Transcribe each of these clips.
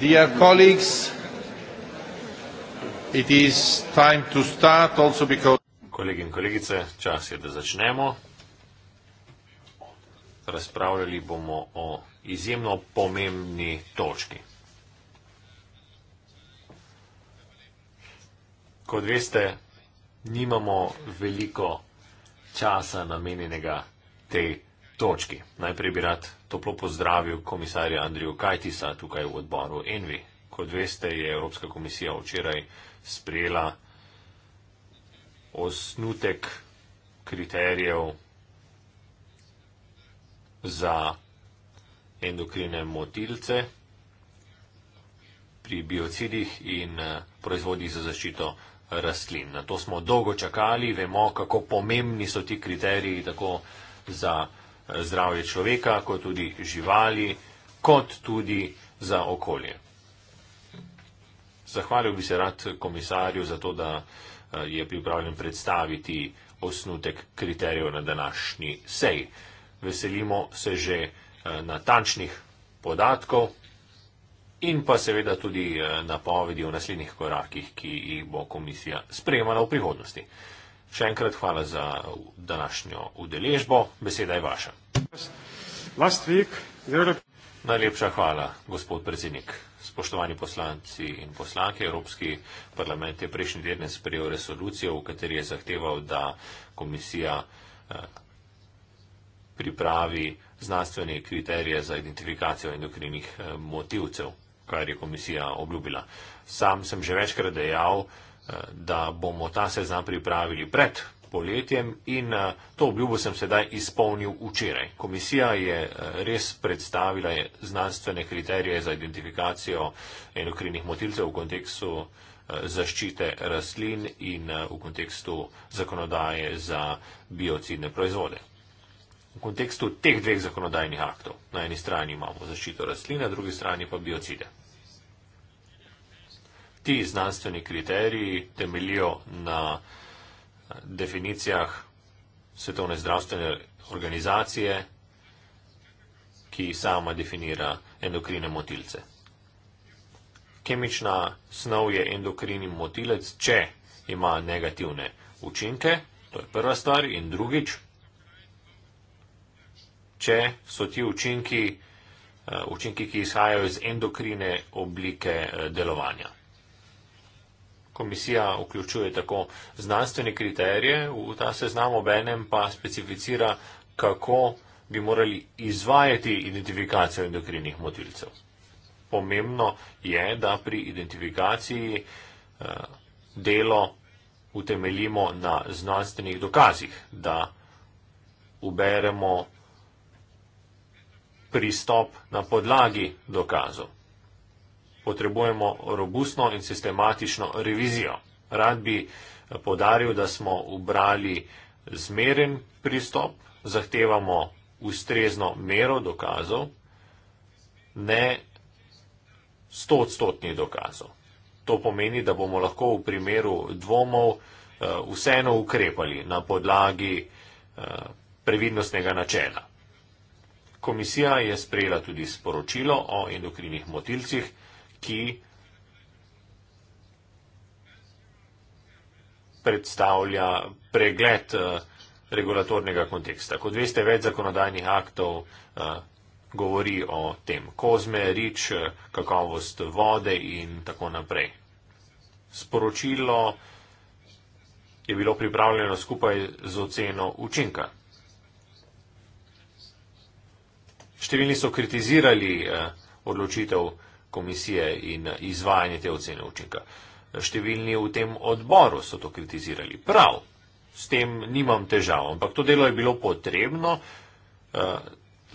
Dear colleagues, it is time to start also because... Kolegi in kolegice, čas je, da začnemo. Razpravljali bomo o izjemno pomembni točki. Kot veste, nimamo veliko časa namenjenega tej točki točki. Najprej bi rad toplo pozdravil komisarja Andriju Kajtisa tukaj v odboru Envi. Kot veste, je Evropska komisija včeraj sprejela osnutek kriterijev za endokrine motilce pri biocidih in eh, proizvodih za zaščito rastlin. Na to smo dolgo čakali, vemo, kako pomembni so ti kriteriji tako za zdravje človeka, kot tudi živali, kot tudi za okolje. Zahvalil bi se rad komisarju za to, da eh, je pripravljen predstaviti osnutek kriterijev na današnji sej. Veselimo se že eh, natančnih podatkov in pa seveda tudi eh, napovedi o naslednjih korakih, ki jih bo komisija sprejemala v prihodnosti. Še enkrat hvala za današnjo udeležbo. Beseda je vaša. Najlepša hvala, gospod predsednik. Spoštovani poslanci in poslanke, Evropski parlament je prejšnji teden sprejel resolucijo, v kateri je zahteval, da komisija eh, pripravi znanstvene kriterije za identifikacijo endokrinih eh, motivcev, kar je komisija obljubila. Sam sem že večkrat dejal, da bomo ta seznam pripravili pred poletjem in eh, to obljubo sem sedaj izpolnil včeraj. Komisija je eh, res predstavila znanstvene kriterije za identifikacijo endokrinih motilcev v kontekstu eh, zaščite rastlin in v kontekstu zakonodaje za biocidne proizvode. V kontekstu teh dveh zakonodajnih aktov, na eni strani imamo zaščito rastlin, na drugi strani pa biocide ti znanstveni kriteriji temelijo na eh, definicijah Svetovne zdravstvene organizacije, ki sama definira endokrine motilce. Kemična snov je endokrini motilec, če ima negativne učinke, to je prva stvar, in drugič, če so ti učinki, eh, učinki ki izhajajo iz endokrine oblike eh, delovanja komisija vključuje tako znanstvene kriterije v ta seznam, obenem pa specificira, kako bi morali izvajati identifikacijo endokrinih motilcev. Pomembno je, da pri identifikaciji eh, delo utemeljimo na znanstvenih dokazih, da uberemo pristop na podlagi dokazov potrebujemo robustno in sistematično revizijo. Rad bi eh, podaril, da smo ubrali zmeren pristop, zahtevamo ustrezno mero dokazov, ne sto odstotni dokazov. To pomeni, da bomo lahko v primeru dvomov eh, vseeno ukrepali na podlagi eh, previdnostnega načela. Komisija je sprejela tudi sporočilo o endokrinih motilcih ki predstavlja pregled eh, regulatornega konteksta. Kot veste, več zakonodajnih aktov eh, govori o tem kozme, rič, eh, kakovost vode in tako naprej. Sporočilo je bilo pripravljeno skupaj z oceno učinka. Številni so kritizirali odločitev komisije in izvajanje te ocene učinka. Številni v tem odboru so to kritizirali. Prav, s tem nimam težav, ampak to delo je bilo potrebno. Eh,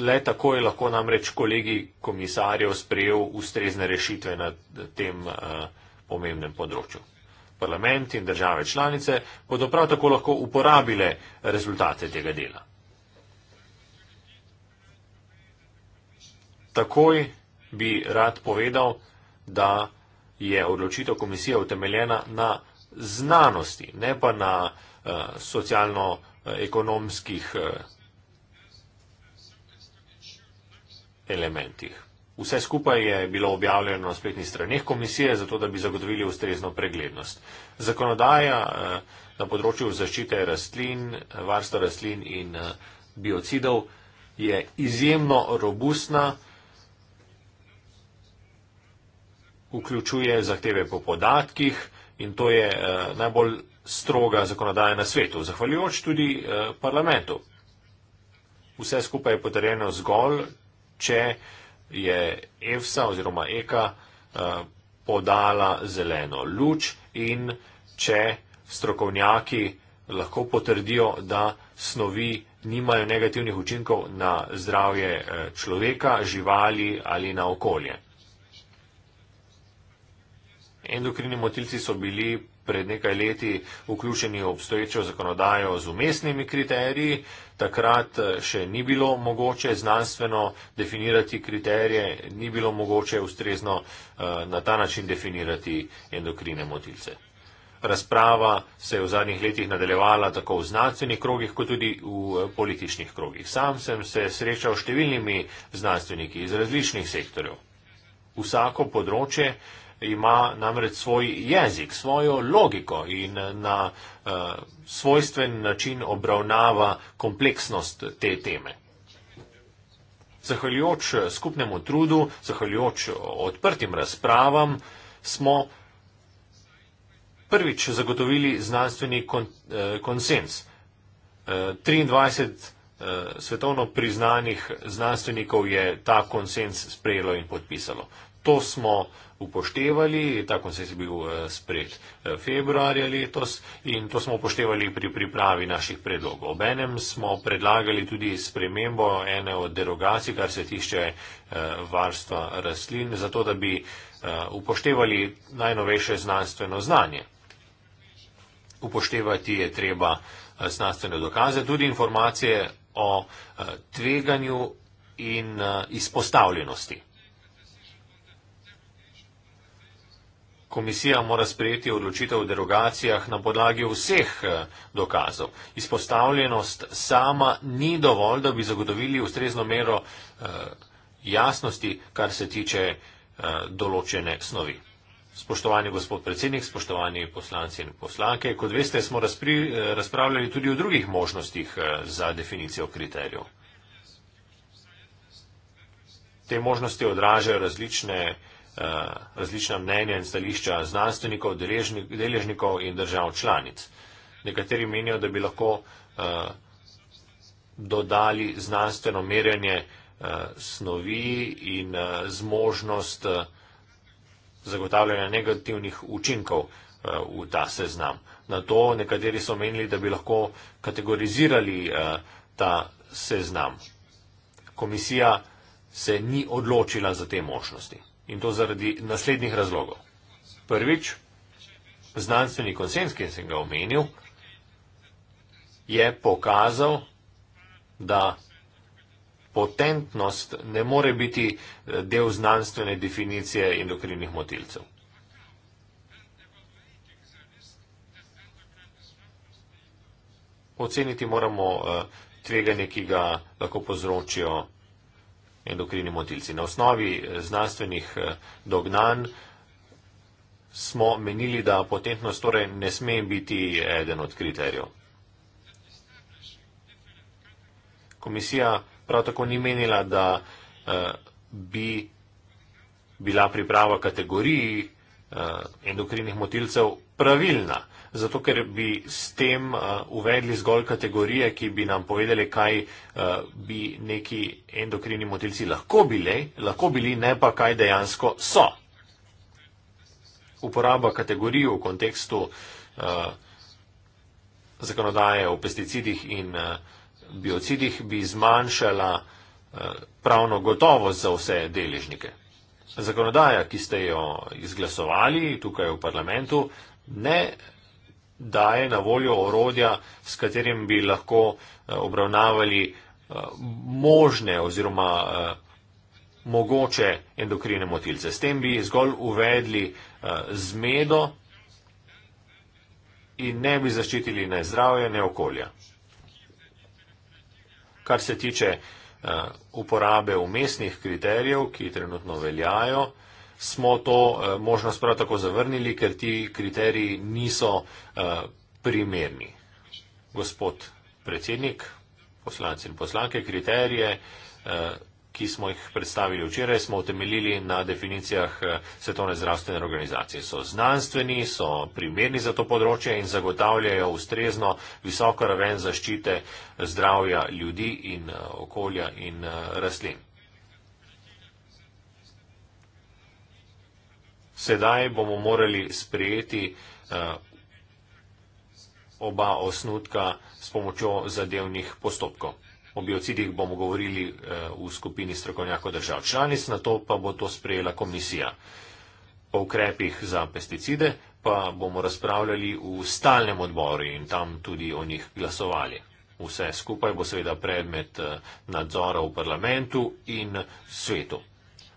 le tako je lahko namreč kolegi komisarjev sprejel ustrezne rešitve na tem eh, pomembnem področju. Parlament in države članice bodo prav tako lahko uporabile rezultate tega dela. Takoj bi rad povedal, da je odločitev komisije utemeljena na znanosti, ne pa na uh, socialno-ekonomskih uh, elementih. Vse skupaj je bilo objavljeno na spletnih straneh komisije, zato da bi zagotovili ustrezno preglednost. Zakonodaja eh, na področju zaščite rastlin, varstva rastlin in biocidov je izjemno robustna. vključuje zahteve po podatkih in to je eh, najbolj stroga zakonodaja na svetu, zahvaljujoč tudi eh, parlamentu. Vse skupaj je potrjeno zgolj, če je EFSA oziroma EKA eh, podala zeleno luč in če strokovnjaki lahko potrdijo, da snovi nimajo negativnih učinkov na zdravje človeka, živali ali na okolje endokrini motilci so bili pred nekaj leti vključeni v obstoječo zakonodajo z umestnimi kriteriji. Takrat eh, še ni bilo mogoče znanstveno definirati kriterije, ni bilo mogoče ustrezno eh, na ta način definirati endokrine motilce. Razprava se je v zadnjih letih nadaljevala tako v znanstvenih krogih, kot tudi v eh, političnih krogih. Sam sem se srečal številnimi znanstveniki iz različnih sektorjev. Vsako področje ima namreč svoj jezik, svojo logiko in na uh, svojstven način obravnava kompleksnost te teme. Zahvaljujoč skupnemu trudu, zahvaljujoč odprtim razpravam, smo prvič zagotovili znanstveni kon, uh, konsens. Uh, eh, 23 Svetovno priznanih znanstvenikov je ta konsens sprejelo in podpisalo to smo upoštevali, ta koncept je bil eh, sprejet eh, februarja letos in to smo upoštevali pri pripravi naših predlogov. Obenem smo predlagali tudi spremembo ene od derogacij, kar se tiče eh, varstva rastlin, zato da bi upoštevali najnovejše znanstveno znanje. Upoštevati je treba znanstvene dokaze, tudi informacije o tveganju in izpostavljenosti. Komisija mora sprejeti odločitev o derogacijah na podlagi vseh eh, dokazov. Izpostavljenost sama ni dovolj, da bi zagotovili ustrezno mero eh, jasnosti, kar se tiče eh, določene snovi. Spoštovani gospod predsednik, spoštovani poslanci in poslanke, kot veste, smo razpri, razpravljali tudi o drugih možnostih za definicijo kriterijev. Te možnosti odražajo različne eh, Eh, različna mnenja in stališča znanstvenikov, deležnikov in držav članic. Nekateri menijo, da bi lahko eh, dodali znanstveno merjanje eh, snovi in zmožnost zagotavljanja negativnih učinkov v ta seznam. Na to nekateri so menili, da bi lahko kategorizirali ta seznam. Komisija se ni odločila za te možnosti in to zaradi naslednjih razlogov. Prvič, znanstveni konsens, ki sem ga omenil, je pokazal, da potentnost ne more biti eh, del znanstvene definicije endokrinih motilcev. Oceniti moramo eh, tveganje, ki ga lahko povzročijo endokrini motilci. Na osnovi eh, znanstvenih eh, dognanj smo menili, da potentnost torej ne sme biti eden od kriterijev. Komisija prav tako ni menila, da eh, bi bila priprava kategoriji endokrinih motilcev pravilna zato ker bi s tem uh, uvedli zgolj kategorije, ki bi nam povedali, kaj uh, bi neki endokrini motilci lahko bili, lahko bili, ne pa kaj dejansko so. Uporaba kategorij v kontekstu uh, zakonodaje o pesticidih in uh, biocidih bi zmanjšala uh, pravno gotovost za vse deležnike. Zakonodaja, ki ste jo izglasovali tukaj v parlamentu, ne daje na voljo orodja, s katerim bi lahko eh, obravnavali eh, možne oziroma eh, mogoče endokrine motilce. S tem bi zgolj uvedli zmedo in ne bi zaščitili ne zdravja, ne okolja. Kar se tiče uporabe umestnih kriterijev, ki trenutno veljajo, smo to eh, možnost prav tako zavrnili, ker ti kriteriji niso eh, primerni. Gospod predsednik, poslanci in poslanke, kriterije, eh, ki smo jih predstavili včeraj, smo utemeljili na definicijah Svetovne zdravstvene organizacije. So znanstveni, so primerni za to področje in zagotavljajo ustrezno visoko raven zaščite zdravja ljudi in okolja in rastlin. Sedaj bomo morali sprejeti uh, oba osnutka s pomočjo zadevnih postopkov. O biocidih bomo govorili uh, v skupini strokovnjakov držav članic, na to pa bo to sprejela komisija. O ukrepih za pesticide pa bomo razpravljali v stalnem odboru in tam tudi o njih glasovali. Vse skupaj bo seveda predmet eh, nadzora v parlamentu in svetu.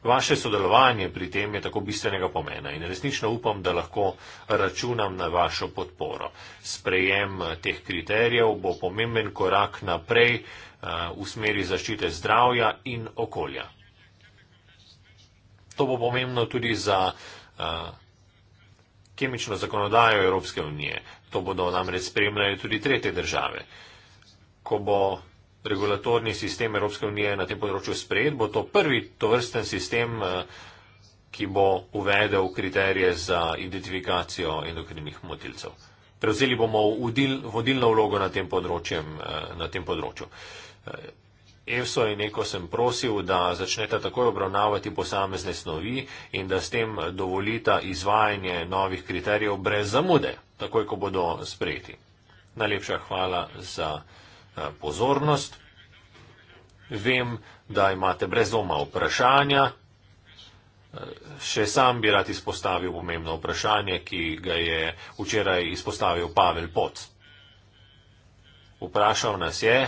Vaše sodelovanje pri tem je tako bistvenega pomena in resnično upam, da lahko računam na vašo podporo. Sprejem teh kriterijev bo pomemben korak naprej eh, v smeri zaščite zdravja in okolja. To bo pomembno tudi za eh, kemično zakonodajo Evropske unije. To bodo namreč spremljali tudi tretje države. Ko bo regulatorni sistem Evropske unije na tem področju sprejet, bo to prvi tovrsten sistem, eh, ki bo uvedel kriterije za identifikacijo endokrinih motilcev. Prevzeli bomo udil, vodilno vlogo na tem, eh, na tem področju. Eh, EFSO in neko sem prosil, da začnete takoj obravnavati posamezne snovi in da s tem dovolita izvajanje novih kriterijev brez zamude, takoj ko bodo sprejeti. Najlepša hvala za. Eh, pozornost. Vem, da imate brez doma vprašanja. Eh, še sam bi rad izpostavil pomembno vprašanje, ki ga je včeraj izpostavil Pavel Pot. Vprašal nas je,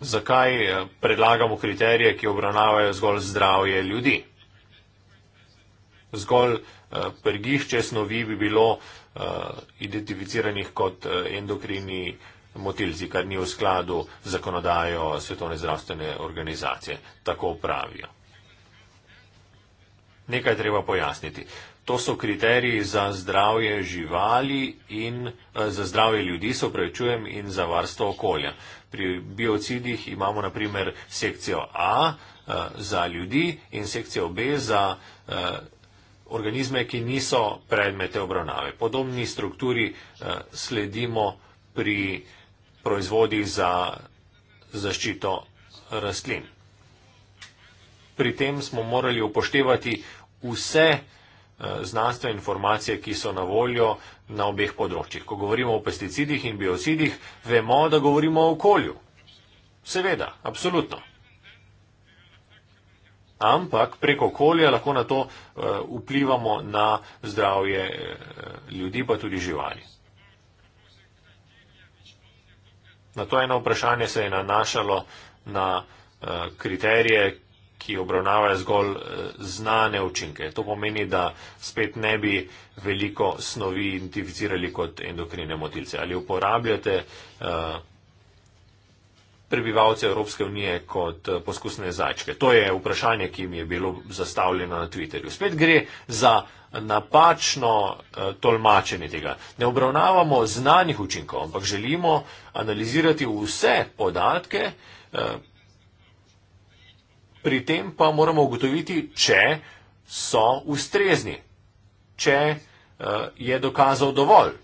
zakaj eh, predlagamo kriterije, ki obravnavajo zgolj zdravje ljudi. Zgolj prgišče snovi bi bilo uh, Eh, identificiranih kot eh, endokrini motilci, kar ni v skladu z zakonodajo Svetovne zdravstvene organizacije. Tako pravijo. Nekaj je treba pojasniti. To so kriteriji za zdravje živali in eh, za zdravje ljudi, se upravičujem, in za varstvo okolja. Pri biocidih imamo naprimer sekcijo A za ljudi in sekcijo B za organizme, ki niso predmete obravnave. Podobni strukturi eh, sledimo pri proizvodi za zaščito rastlin. Pri tem smo morali upoštevati vse eh, znanstvene informacije, ki so na voljo na obeh področjih. Ko govorimo o pesticidih in biocidih, vemo, da govorimo o okolju. Seveda, absolutno ampak prek okolja lahko na to eh, vplivamo na zdravje eh, ljudi, pa tudi živali. Na to eno vprašanje se je nanašalo na eh, kriterije, ki obravnavajo zgolj znane učinke. To pomeni, da spet ne bi veliko snovi identificirali kot endokrine motilce. Ali uporabljate uh, prebivalce Evropske unije kot eh, poskusne zajčke. To je vprašanje, ki mi je bilo zastavljeno na Twitterju. Spet gre za napačno eh, tolmačenje tega. Ne obravnavamo znanih učinkov, ampak želimo analizirati vse podatke. Eh, pri tem pa moramo ugotoviti, če so ustrezni, če je dokazal dovolj.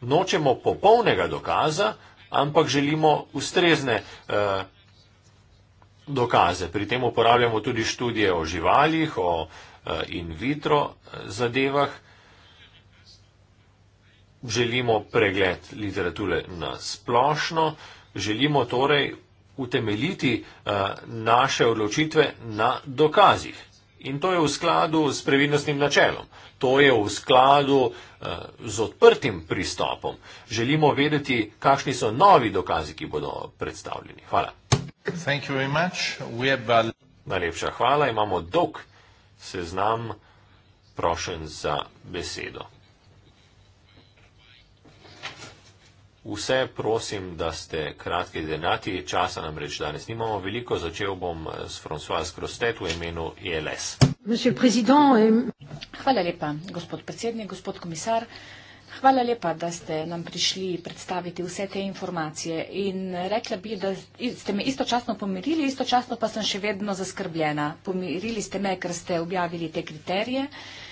Nočemo popolnega dokaza, ampak želimo ustrezne eh, dokaze. Pri tem uporabljamo tudi študije o živalih, o eh, in vitro eh, zadevah. Želimo pregled literature na splošno, želimo torej utemeljiti uh, naše odločitve na dokazih. In to je v skladu s previdnostnim načelom, to je v skladu eh, z odprtim pristopom. Želimo vedeti, kakšni so novi dokazi, ki bodo predstavljeni. Hvala. Najlepša hvala. Imamo dolg seznam prošen za besedo. Vse prosim, da ste kratki denati, časa nam reč danes nimamo veliko, začel bom s François Krostet v imenu ILS. E eh, Hvala lepa, gospod predsednik, gospod komisar. Hvala lepa, da ste nam prišli predstaviti vse te informacije in rekla bi, da ste me istočasno pomirili, istočasno pa sem še vedno zaskrbljena. Pomirili ste me, ker ste objavili te kriterije. Uh,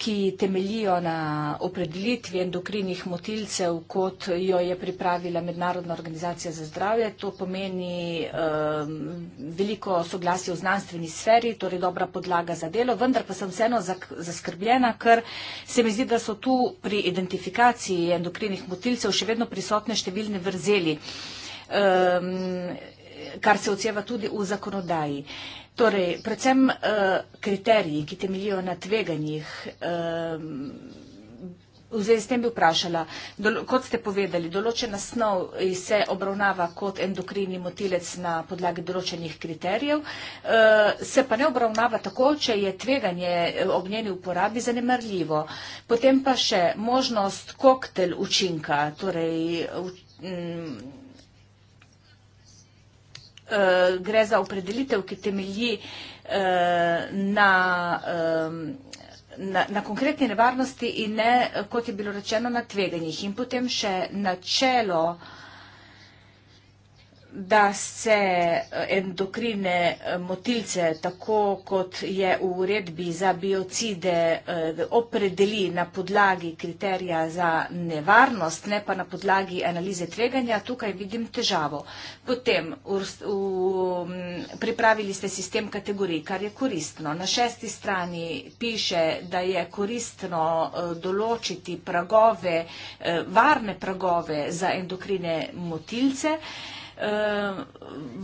ki temelijo na opredelitvi endokrinih motilcev, kot jo je pripravila Mednarodna organizacija za zdravje. To pomeni um, veliko soglasje v znanstveni sferi, torej dobra podlaga za delo, vendar pa sem vseeno zaskrbljena, ker se mi zdi, da so tu pri identifikaciji endokrinih motilcev še vedno prisotne številne vrzeli, um, kar se odseva tudi v zakonodaji. Uh, Torej, predvsem uh, kriteriji, ki temeljijo na tveganjih. Uh, V zvezi s tem bi vprašala, kot ste povedali, določena snov se obravnava kot endokrini motilec na podlagi določenih kriterijev, eh, se pa ne obravnava tako, če je tveganje eh, ob njeni uporabi zanemrljivo. Potem pa še možnost koktel učinka, torej Eh, gre za opredelitev, ki temelji eh, na, na, na konkretni nevarnosti in ne, kot je bilo rečeno, na tveganjih. In potem še načelo uh, da se eh, endokrine eh, motilce, tako kot je v uredbi za biocide, eh, opredeli na podlagi kriterija za nevarnost, ne pa na podlagi analize tveganja, tukaj vidim težavo. Potem v, v, pripravili ste sistem kategorij, kar je koristno. Na šesti strani piše, da je koristno določiti pragove, varne pragove za endokrine motilce. Ehm,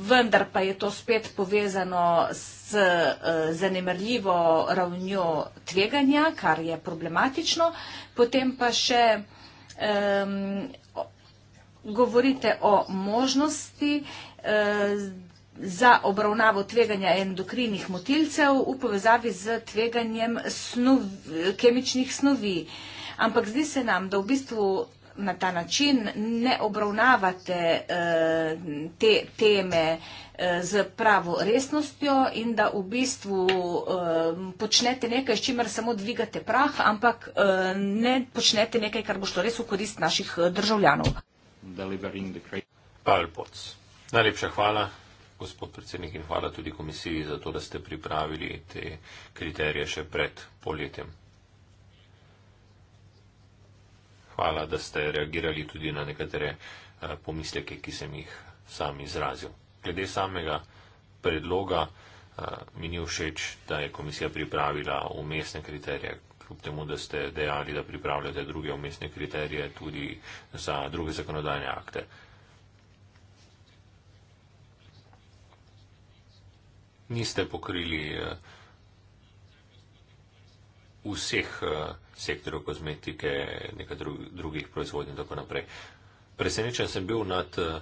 vendar pa je to spet povezano s eh, zanemrljivo ravnjo tveganja, kar je problematično. Potem pa še ehm, govorite o možnosti eh, za obravnavo tveganja endokrinih motilcev v povezavi z tveganjem snov, kemičnih snovi. Ampak zdi se nam, da v bistvu na ta način ne obravnavate uh, te teme uh, eh, z pravo resnostjo in da v bistvu uh, počnete nekaj, s čimer samo dvigate prah, ampak uh, ne počnete nekaj, kar bo šlo res v korist naših državljanov. Najlepša hvala, gospod predsednik, in hvala tudi komisiji za to, da ste pripravili te kriterije še pred poletjem. hvala, da ste reagirali tudi na nekatere eh, pomisleke, ki sem jih sam izrazil. Glede samega predloga eh, mi ni všeč, da je komisija pripravila umestne kriterije. Kljub temu, da ste dejali, da pripravljate druge umestne kriterije tudi za druge zakonodajne akte. Niste pokrili uh, vseh eh, sektorjev kozmetike, nekaj drugih proizvodnj in tako naprej. Presenečen sem bil nad eh,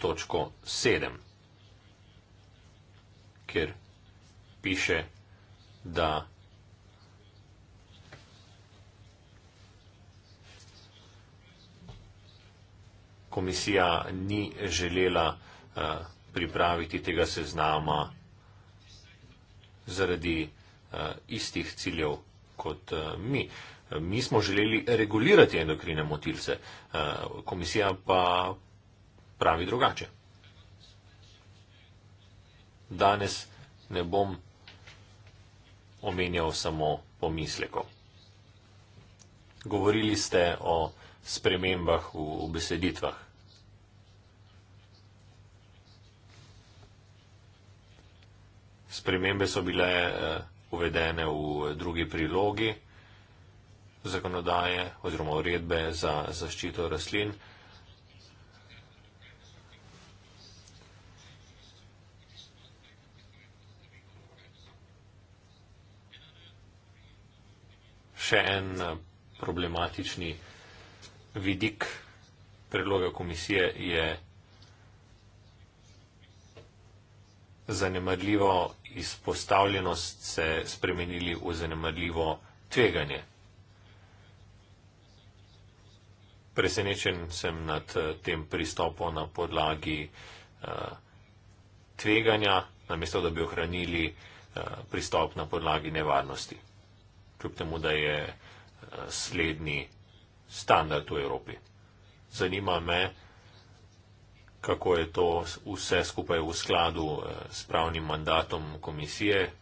točko 7, kjer piše, da komisija ni želela eh, pripraviti tega seznama zaradi istih ciljev kot eh, mi. Mi smo želeli regulirati endokrine motilce, eh, komisija pa pravi drugače. Danes ne bom omenjal samo pomislekov. Govorili ste o spremembah v beseditvah. Spremembe so bile eh, uvedene v drugi prilogi zakonodaje oziroma uredbe za zaščito rastlin. Še en problematični vidik predloga komisije je zanemrljivo izpostavljenost se spremenili v zanemrljivo tveganje. Presenečen sem nad eh, tem pristopom na podlagi uh, tveganja, namesto da bi ohranili uh, pristop na podlagi nevarnosti, kljub temu, da je uh, slednji standard v Evropi. Zanima me, uh, kako je to vse skupaj v skladu eh, s pravnim mandatom komisije.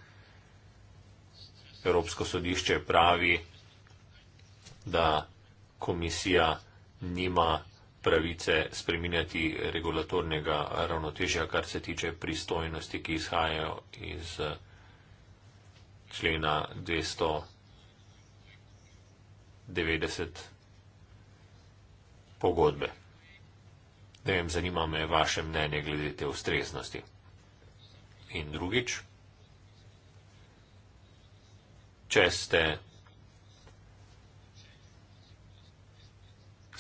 Evropsko sodišče pravi, da komisija nima pravice spreminjati regulatornega ravnotežja, kar se tiče pristojnosti, ki izhajajo iz eh, člena 290 pogodbe. Ne vem, zanima me vaše mnenje glede te ustreznosti. In drugič, če ste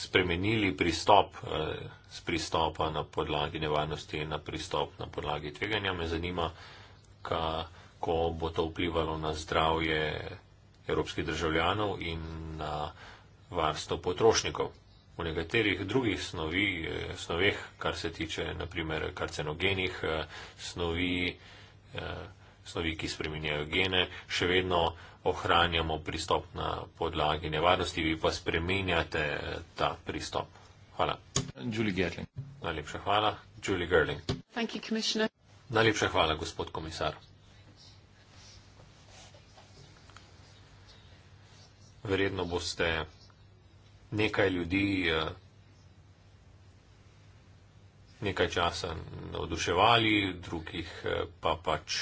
spremenili pristop z eh, pristopa na podlagi nevarnosti na pristop na podlagi tveganja, me zanima, kako bo to vplivalo na zdravje evropskih državljanov in na varstvo potrošnikov v nekaterih drugih snovi, eh, snoveh, kar se tiče naprimer karcenogenih eh, snovi, eh, snovi, ki spreminjajo gene, še vedno ohranjamo pristop na podlagi nevarnosti, vi pa spreminjate ta pristop. Hvala. Julie Gerling. Najlepša hvala. Julie Gerling. Thank you, commissioner. Najlepša hvala, gospod komisar. Verjetno boste nekaj ljudi eh, nekaj časa navduševali, drugih eh, pa pač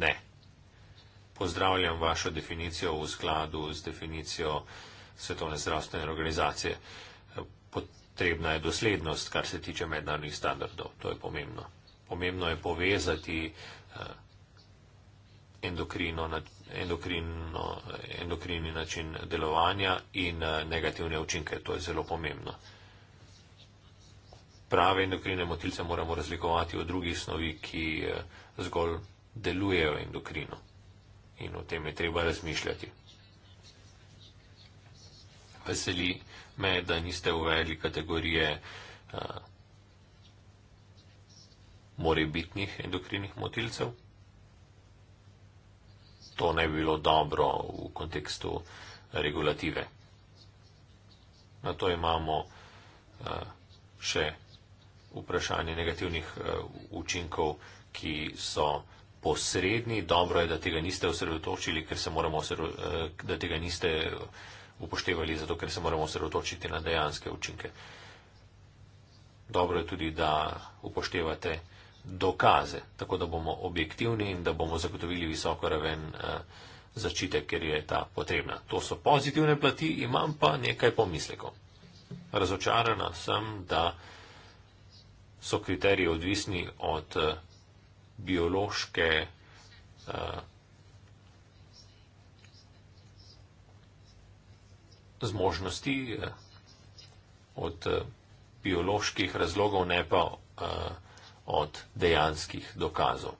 ne. Pozdravljam vašo definicijo v skladu z definicijo Svetovne zdravstvene organizacije. Potrebna je doslednost, kar se tiče mednarodnih standardov. To je pomembno. Pomembno je povezati eh, endokrino, endokrini način delovanja in eh, negativne učinke. To je zelo pomembno. Prave endokrine motilce moramo razlikovati od drugih snovi, ki eh, zgolj delujejo endokrino. In o tem je treba razmišljati. Veseli me, da niste uvedli kategorije uh, morebitnih endokrinih motilcev to ne bi bilo dobro v kontekstu regulative. Na to imamo eh, še vprašanje negativnih eh, učinkov, ki so posredni. Dobro je, da tega niste osredotočili, ker se moramo osredotočiti, eh, da tega niste upoštevali, zato ker se moramo osredotočiti na dejanske učinke. Dobro je tudi, da upoštevate dokaze, tako da bomo objektivni in da bomo zagotovili visoko raven eh, zaščite, ker je ta potrebna. To so pozitivne plati, imam pa nekaj pomislekov. Razočarana sem, da so kriteriji odvisni od eh, biološke eh, zmožnosti, eh, od eh, bioloških razlogov, ne pa eh, od dejanskih dokazov.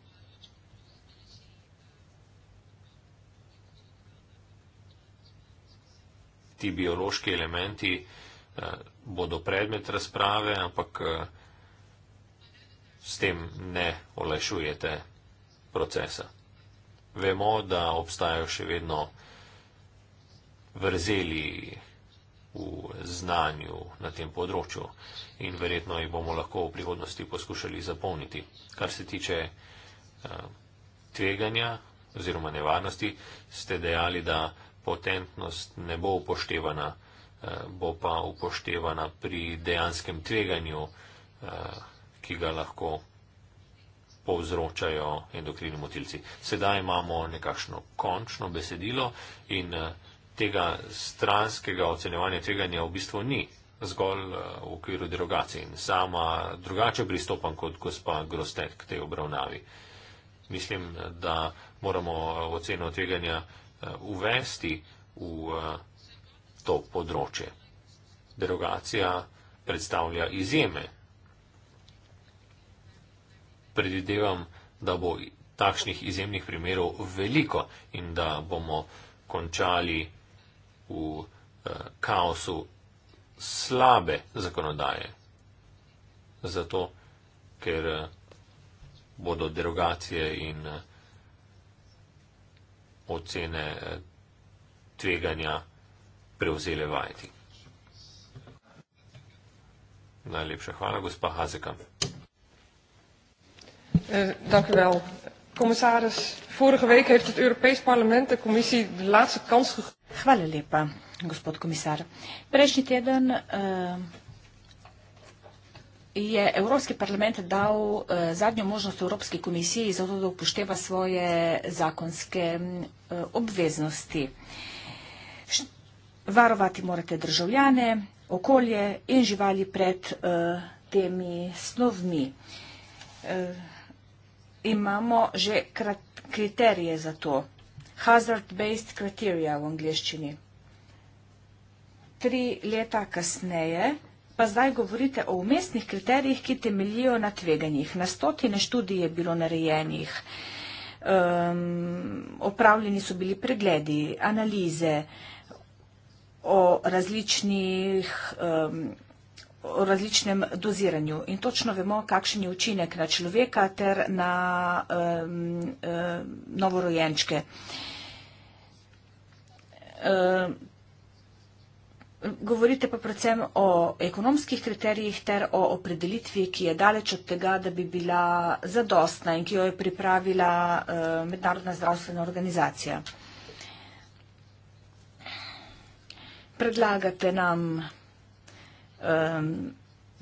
Ti biološki elementi eh, bodo predmet razprave, ampak eh, s tem ne olajšujete procesa. Vemo, da obstajajo še vedno vrzeli v znanju na tem področju in verjetno jih bomo lahko v prihodnosti poskušali zapolniti. Kar se tiče eh, tveganja oziroma nevarnosti, ste dejali, da potentnost ne bo upoštevana, eh, bo pa upoštevana pri dejanskem tveganju, eh, ki ga lahko povzročajo endokrini motilci. Sedaj imamo nekakšno končno besedilo in uh, tega stranskega ocenjevanja tveganja v bistvu ni zgolj eh, v okviru derogacij in sama drugače pristopam kot gospa Grostek k tej obravnavi. Mislim, da moramo eh, oceno tveganja eh, uvesti v to področje. Derogacija predstavlja izjeme. Predvidevam, da bo takšnih izjemnih primerov veliko in da bomo končali v eh, kaosu slabe zakonodaje. Zato, ker eh, bodo derogacije in eh, ocene tveganja prevzele vajeti. Najlepša hvala, gospa Hazeka. Dr. Bell, Commissaris, vorige week heeft het Europees Parlement de commissie de laatste kans gegeven. Hvala lepa, gospod komisar. Prejšnji teden uh, je Evropski parlament dal uh, zadnjo možnost Evropski komisiji za to, da upošteva svoje zakonske uh, obveznosti. Š varovati morate državljane, okolje in živali pred uh, temi snovmi. Uh, imamo že krat, kriterije za to. Hazard-based criteria v angliščini. Tri leta kasneje pa zdaj govorite o umestnih kriterijih, ki temeljijo na tveganjih. Na stotine študij je bilo narejenih, um, opravljeni so bili pregledi, analize o različnih um, o različnem doziranju in točno vemo, kakšen je učinek na človeka ter na um, um, novorojenčke. Um, govorite pa predvsem o ekonomskih kriterijih ter o opredelitvi, ki je daleč od tega, da bi bila zadostna in ki jo je pripravila um, Mednarodna zdravstvena organizacija. Predlagate nam um,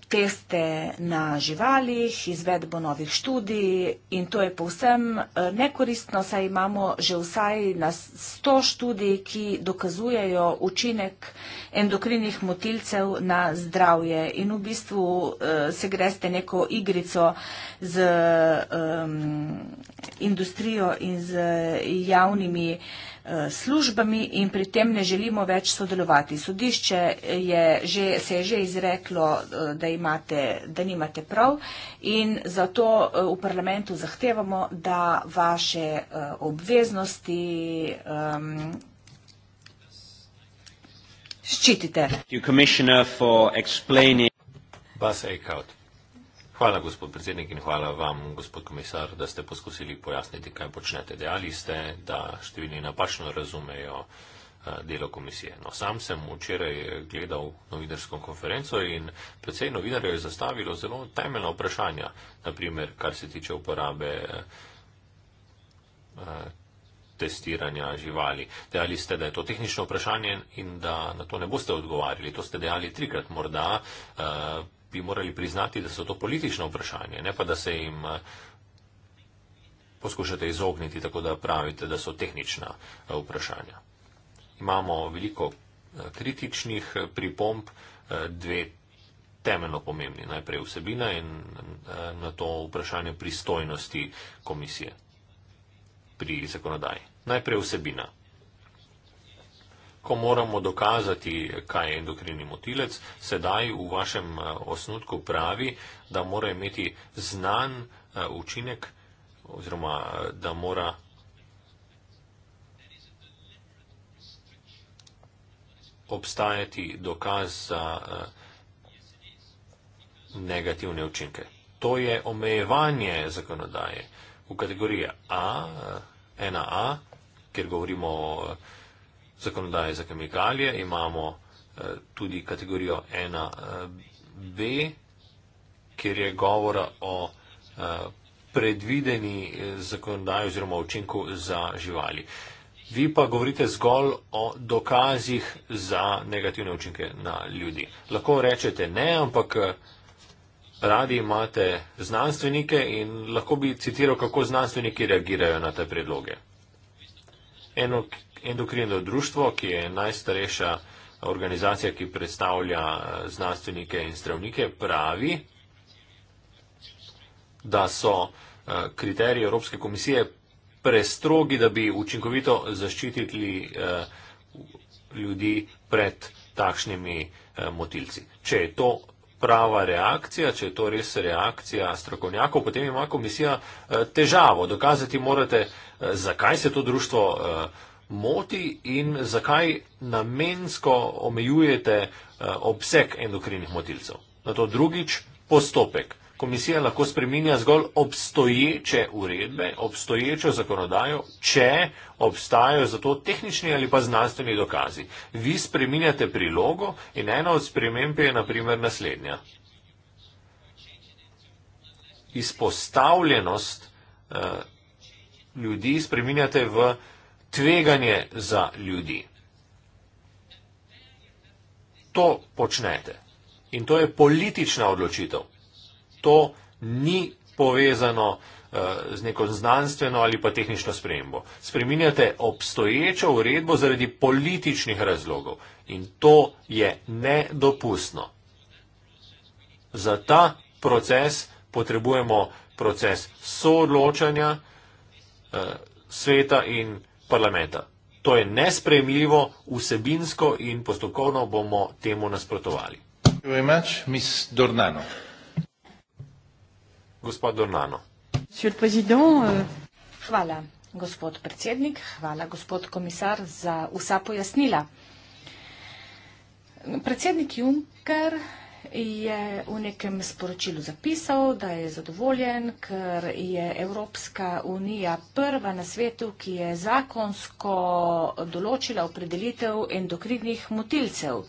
teste na živalih, izvedbo novih študij in to je povsem e, nekoristno, saj imamo že vsaj na 100 študij, ki dokazujejo učinek endokrinih motilcev na zdravje in v bistvu uh, se greste neko igrico z um, industrijo in z javnimi uh, Eh, službami in pri tem ne želimo več sodelovati. Sodišče je že, se je že izreklo, eh, da, imate, da nimate prav in zato eh, v parlamentu zahtevamo, da vaše obveznosti um, ščitite. Vas je kaut. Hvala, gospod predsednik, in hvala vam, gospod komisar, da ste poskusili pojasniti, kaj počnete. Dejali ste, da številni napačno razumejo eh, delo komisije. No, sam sem včeraj gledal novinarsko konferenco in predsej novinarjev je zastavilo zelo temeljna vprašanja, naprimer, kar se tiče uporabe eh, eh, testiranja živali. Dejali ste, da je to tehnično vprašanje in da na to ne boste odgovarjali. To ste dejali trikrat morda. Uh, bi morali priznati, da so to politično vprašanje, ne pa da se jim eh, poskušate izogniti, tako da pravite, da so tehnična eh, vprašanja. Imamo veliko eh, kritičnih pripomb, dve temeljno pomembni, najprej vsebina in na to vprašanje pristojnosti komisije pri zakonodaji. Najprej vsebina ko moramo dokazati, kaj je endokrini motilec, sedaj v vašem eh, osnutku pravi, da mora imeti znan eh, učinek oziroma eh, da mora. obstajati dokaz za negativne učinke. To je omejevanje zakonodaje v kategoriji A, 1A, kjer govorimo o zakonodaje za kemikalije, imamo eh, tudi kategorijo 1B, eh, kjer je govora o eh, predvideni zakonodaji oziroma učinku za živali. Vi pa govorite zgolj o dokazih za negativne učinke na ljudi. Lahko rečete ne, ampak radi imate znanstvenike in lahko bi citiral, kako znanstveniki reagirajo na te predloge. Eno endokrino društvo, ki je najstarejša organizacija, ki predstavlja eh, znanstvenike in zdravnike, pravi, da so eh, kriteriji Evropske komisije prestrogi, da bi učinkovito zaščitili eh, ljudi pred takšnimi motilci. Če je to prava reakcija, če je to res reakcija strokovnjakov, potem ima komisija težavo. Dokazati morate, zakaj se to društvo moti in zakaj namensko omejujete eh, obseg endokrinih motilcev. Na to drugič postopek. Komisija lahko spreminja zgolj obstoječe uredbe, obstoječo zakonodajo, če obstajajo za to tehnični ali pa znanstveni dokazi. Vi spreminjate prilogo in ena od sprememb je naprimer naslednja. Izpostavljenost eh, ljudi spreminjate v eh, tveganje za ljudi. To počnete in to je politična odločitev. To ni povezano uh, z neko znanstveno ali pa tehnično spremembo. Spreminjate obstoječo uredbo zaradi političnih razlogov in to je nedopustno. Za ta proces potrebujemo proces soodločanja uh, sveta in parlamenta. To je nespremljivo, vsebinsko in postopkovno bomo temu nasprotovali. Gospod Dornano. Euh, hvala, gospod predsednik, hvala, gospod komisar, za vsa pojasnila. Predsednik Juncker je v nekem sporočilu zapisal, da je zadovoljen, ker je Evropska unija prva na svetu, ki je zakonsko določila opredelitev endokrinnih motilcev.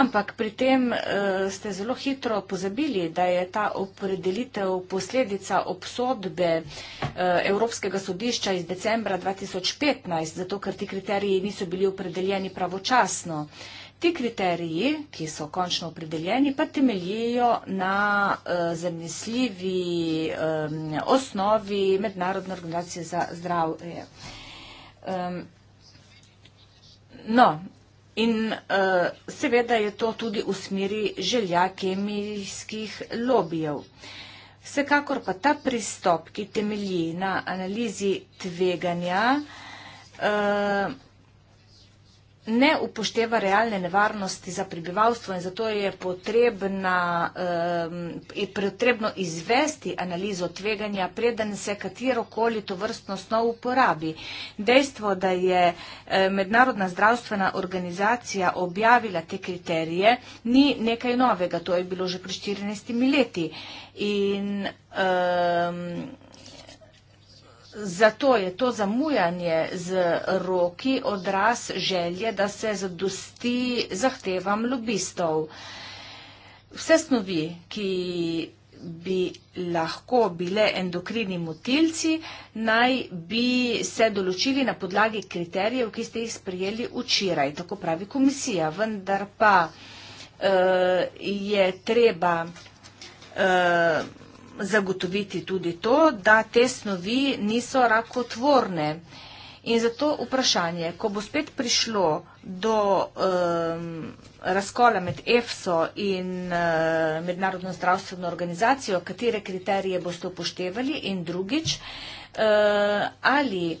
Ampak pri tem uh, ste zelo hitro pozabili, da je ta opredelitev posledica obsodbe uh, Evropskega sodišča iz decembra 2015, zato ker ti kriteriji niso bili opredeljeni pravočasno. Uh, Ti kriteriji, ki so končno opredeljeni, pa temeljijo na uh, zanesljivi um, osnovi Mednarodne organizacije za zdravje. Um, no, in uh, seveda je to tudi v smeri želja kemijskih lobijev. Vsekakor pa ta pristop, ki temelji na analizi tveganja, uh, ne upošteva realne nevarnosti za prebivalstvo in zato je, potrebna, ehm, je potrebno izvesti analizo tveganja, preden se katero koli to vrstno snov uporabi. Dejstvo, da je eh, Mednarodna zdravstvena organizacija objavila te kriterije, ni nekaj novega, to je bilo že pred 14 leti. In, um, Zato je to zamujanje z roki odraz želje, da se zadosti zahtevam lobistov. Vse snovi, ki bi lahko bile endokrini motilci, naj bi se določili na podlagi kriterijev, ki ste jih sprijeli včeraj, tako pravi komisija. Vendar pa uh, je treba. Uh, zagotoviti tudi to, da te snovi niso rakotvorne. In zato vprašanje, ko bo spet prišlo do um, razkola med EFSO in uh, Mednarodno zdravstveno organizacijo, katere kriterije boste upoštevali in drugič, uh, ali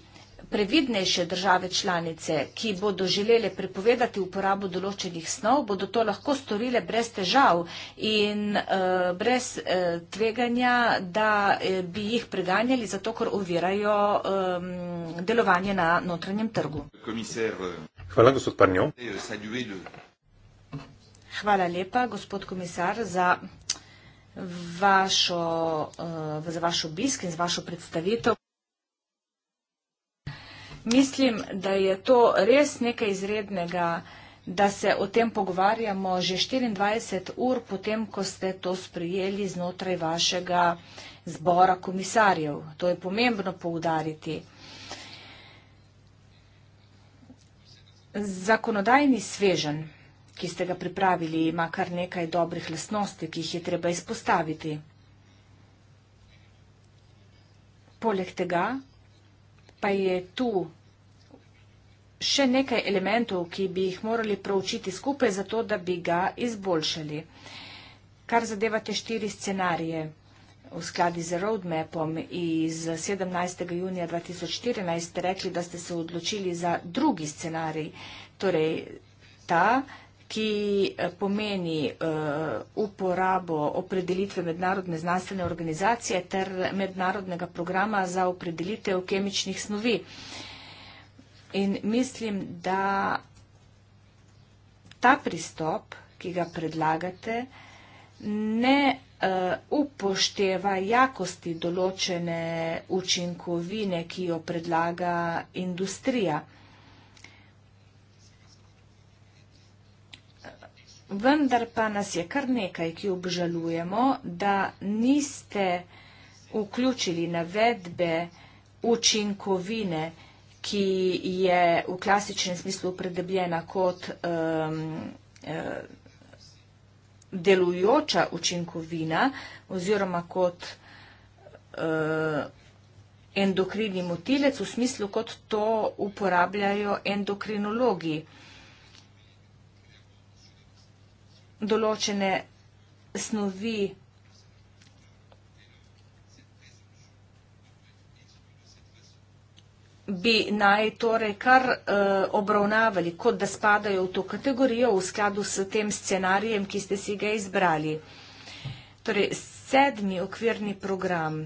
previdnejše države članice, ki bodo želele prepovedati uporabo določenih snov, bodo to lahko storile brez težav in uh, brez uh, tveganja, da uh, bi jih preganjali, zato ker ovirajo um, delovanje na notranjem trgu. Hvala, gospod Parnjo. Hvala lepa, gospod komisar, za vašo, uh, za vašo obisk in za vašo predstavitev. Mislim, da je to res nekaj izrednega, da se o tem pogovarjamo že 24 ur potem, ko ste to sprijeli znotraj vašega zbora komisarjev. To je pomembno poudariti. Zakonodajni svežen, ki ste ga pripravili, ima kar nekaj dobrih lasnosti, ki jih je treba izpostaviti. Poleg tega pa je tu še nekaj elementov, ki bi jih morali proučiti skupaj, zato da bi ga izboljšali. Kar zadeva te štiri scenarije v skladi z roadmapom iz 17. junija 2014, ste rekli, da ste se odločili za drugi scenarij, torej ta, ki eh, pomeni eh, uporabo opredelitve mednarodne znanstvene organizacije ter mednarodnega programa za opredelitev kemičnih snovi. In mislim, da ta pristop, ki ga predlagate, ne eh, upošteva jakosti določene učinkovine, ki jo predlaga industrija. vendar pa nas je kar nekaj, ki obžalujemo, da niste vključili navedbe učinkovine, ki je v klasičnem smislu predebljena kot um, delujoča učinkovina oziroma kot uh, endokrini motilec v smislu, kot to uporabljajo endokrinologi. Uh, določene snovi bi naj torej kar uh, obravnavali, kot da spadajo v to kategorijo v skladu s tem scenarijem, ki ste si ga izbrali. Torej, sedmi okvirni program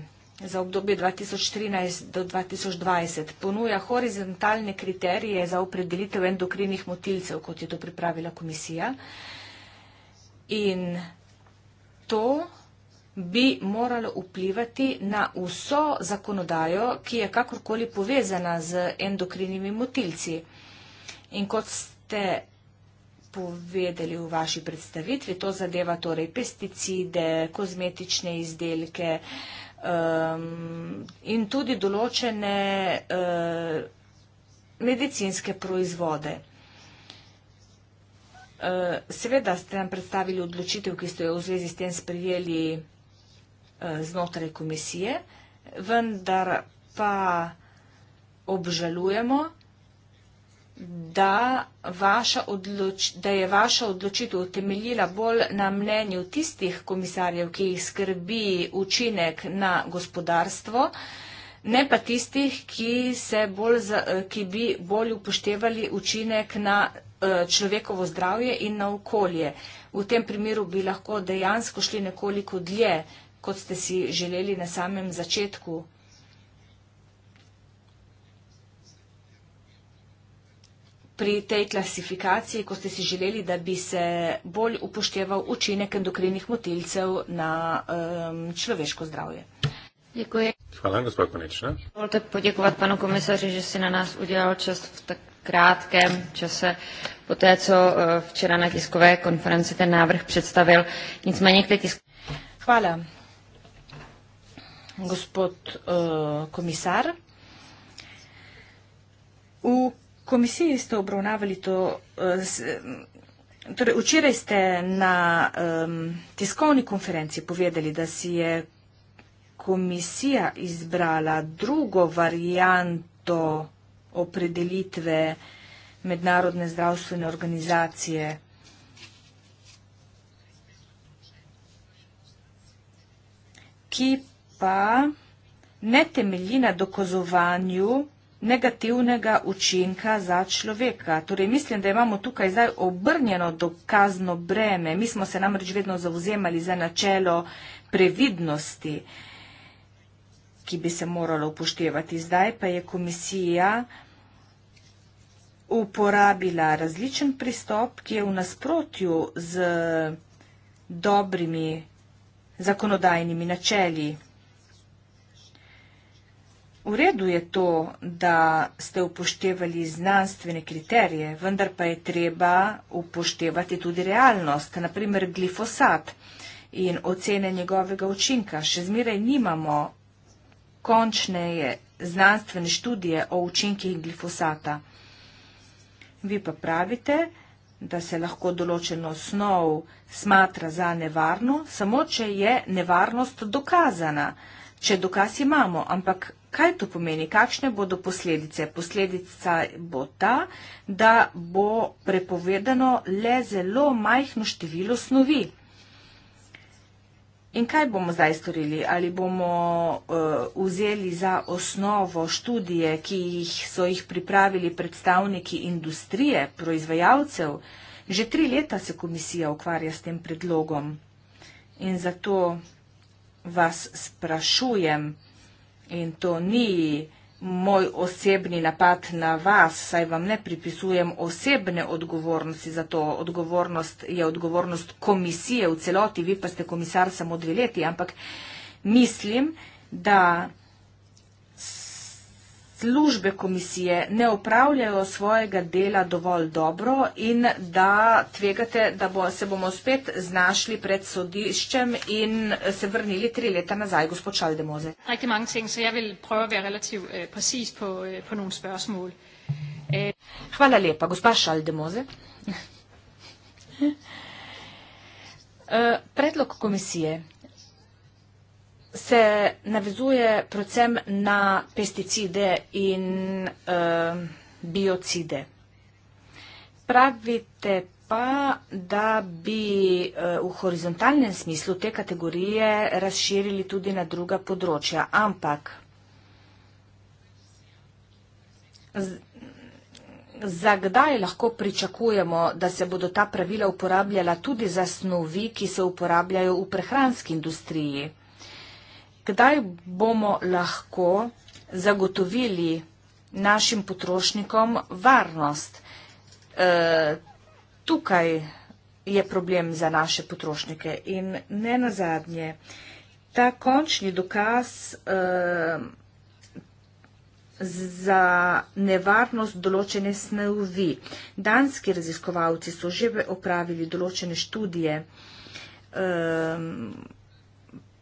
za obdobje 2013 do 2020 ponuja horizontalne kriterije za opredelitev endokrinih motilcev, kot je to pripravila komisija. Uh, In to bi moralo vplivati na vso zakonodajo, ki je kakorkoli povezana z endokrinimi motilci. In kot ste povedali v vaši predstavitvi, to zadeva torej pesticide, kozmetične izdelke um, in tudi določene uh, medicinske proizvode. Eh, seveda ste nam predstavili odločitev, ki ste jo v zvezi s tem sprejeli eh, znotraj komisije, vendar pa obžalujemo, da, vaša odloč, da je vaša odločitev utemeljila bolj na mnenju tistih komisarjev, ki jih skrbi učinek na gospodarstvo, ne pa tistih, ki, bolj za, eh, ki bi bolj upoštevali učinek na Eh, človekovo zdravje in na okolje. V tem primeru bi lahko dejansko šli nekoliko dlje, kot ste si želeli na samem začetku. Pri tej klasifikaciji, ko ste si želeli, da bi se bolj upošteval učinek endokrinih motilcev na um, človeško zdravje. Děkuji. Hvala, gospod Konečna. Volte poděkovat panu komisaři, že si na nás udělal čas v tak krátkém čase. Uh, po té, co eh, včera na tiskové konferenci ten návrh představil. Nicméně k té tiskové... Hvala. Gospod uh, eh, komisar, v komisiji ste obravnavali to, uh, torej včeraj ste na um, tiskovni konferenci povedali, da si je komisija izbrala drugo varianto opredelitve uh, mednarodne zdravstvene organizacije. ki pa ne temelji na dokazovanju negativnega učinka za človeka. Torej, mislim, da imamo tukaj zdaj obrnjeno dokazno breme. Mi smo se namreč vedno zauzemali za načelo previdnosti, ki bi se moralo upoštevati. Zdaj pa je komisija uporabila različen pristop, ki je v nasprotju z dobrimi zakonodajnimi načeli. V redu je to, da ste upoštevali znanstvene kriterije, vendar pa je treba upoštevati tudi realnost, naprimer glifosat in ocene njegovega učinka. Še zmeraj nimamo končne znanstvene študije o učinkih glifosata. Vi pa pravite, da se lahko določeno snov smatra za nevarno, samo če je nevarnost dokazana, če dokaz imamo, ampak kaj to pomeni, kakšne bodo posledice? Posledica bo ta, da bo prepovedano le zelo majhno število snovi. In kaj bomo zdaj storili? Ali bomo uh, vzeli za osnovo študije, ki jih so jih pripravili predstavniki industrije, proizvajalcev? Že tri leta se komisija ukvarja s tem predlogom. In zato vas sprašujem, in to ni moj osebni napad na vas, saj vam ne pripisujem osebne odgovornosti za to. Odgovornost je odgovornost komisije v celoti, vi pa ste komisar samo dve leti, ampak mislim, da službe komisije ne upravljajo svojega dela dovolj dobro in da tvegate, da bo, se bomo spet znašli pred sodiščem in se vrnili tri leta nazaj, gospod Čaldemoze. Øh, øh, øh. Hvala lepa, gospa Šaldemoze. Eh, predlog komisije se navezuje predvsem na pesticide in uh, biocide. Pravite pa, da bi uh, v horizontalnem smislu te kategorije razširili tudi na druga področja, ampak za kdaj lahko pričakujemo, da se bodo ta pravila uporabljala tudi za snovi, ki se uporabljajo v prehranski industriji? kdaj bomo lahko zagotovili našim potrošnikom varnost. E, tukaj je problem za naše potrošnike in ne nazadnje. Ta končni dokaz e, za nevarnost določene snovi. Danski raziskovalci so že opravili določene študije. E,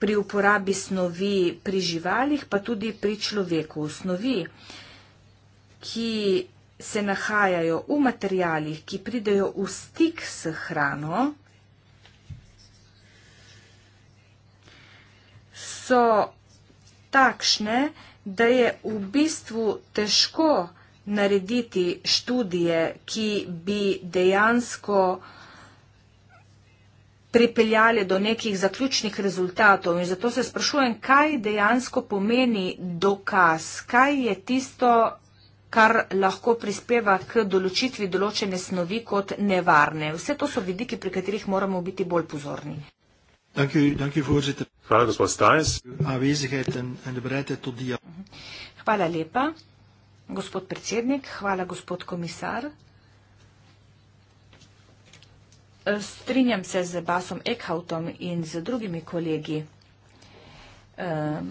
pri uporabi snovi pri živalih, pa tudi pri človeku. Snovi, ki se nahajajo v materijalih, ki pridejo v stik s hrano, so takšne, da je v bistvu težko narediti študije, ki bi dejansko uh, pripeljali do nekih zaključnih rezultatov in zato se sprašujem, kaj dejansko pomeni dokaz, kaj je tisto, kar lahko prispeva k določitvi določene snovi kot nevarne. Vse to so vidiki, pri katerih moramo biti bolj pozorni. Hvala, gospod Stajs. Mhm. Hvala lepa, gospod predsednik, hvala, gospod komisar. Strinjam se z Basom Eckhoutom in z drugimi kolegi. Ehm,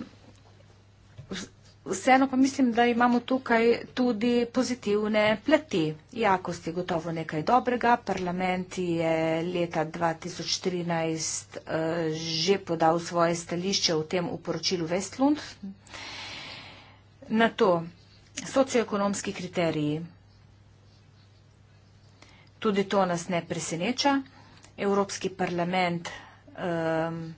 vseeno pa mislim, da imamo tukaj tudi pozitivne plati. Jakost je gotovo nekaj dobrega. Parlament je leta 2013 eh, že podal svoje stališče v tem uporočilu Westlund. Na to socioekonomski kriteriji. Tudi to nas ne preseneča. Evropski parlament um,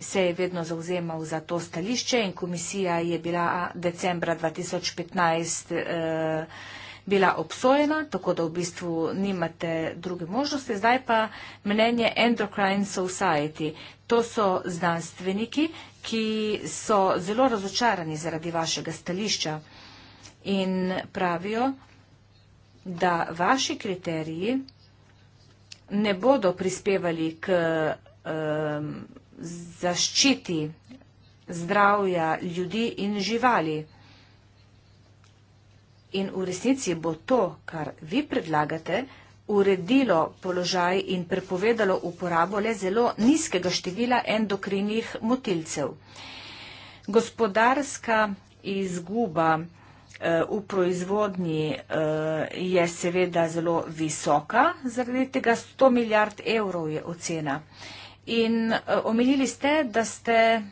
se je vedno zauzemal za to stališče in komisija je bila decembra 2015 uh, eh, bila obsojena, tako da v bistvu nimate druge možnosti. Zdaj pa mnenje Endocrine Society. To so znanstveniki, ki so zelo razočarani zaradi vašega stališča in pravijo, da vaši kriteriji ne bodo prispevali k um, zaščiti zdravja ljudi in živali. In v resnici bo to, kar vi predlagate, uredilo položaj in prepovedalo uporabo le zelo nizkega števila endokrinih motilcev. Gospodarska izguba v proizvodnji eh, je seveda zelo visoka, zaradi tega 100 milijard evrov je ocena. In eh, omenili ste, da ste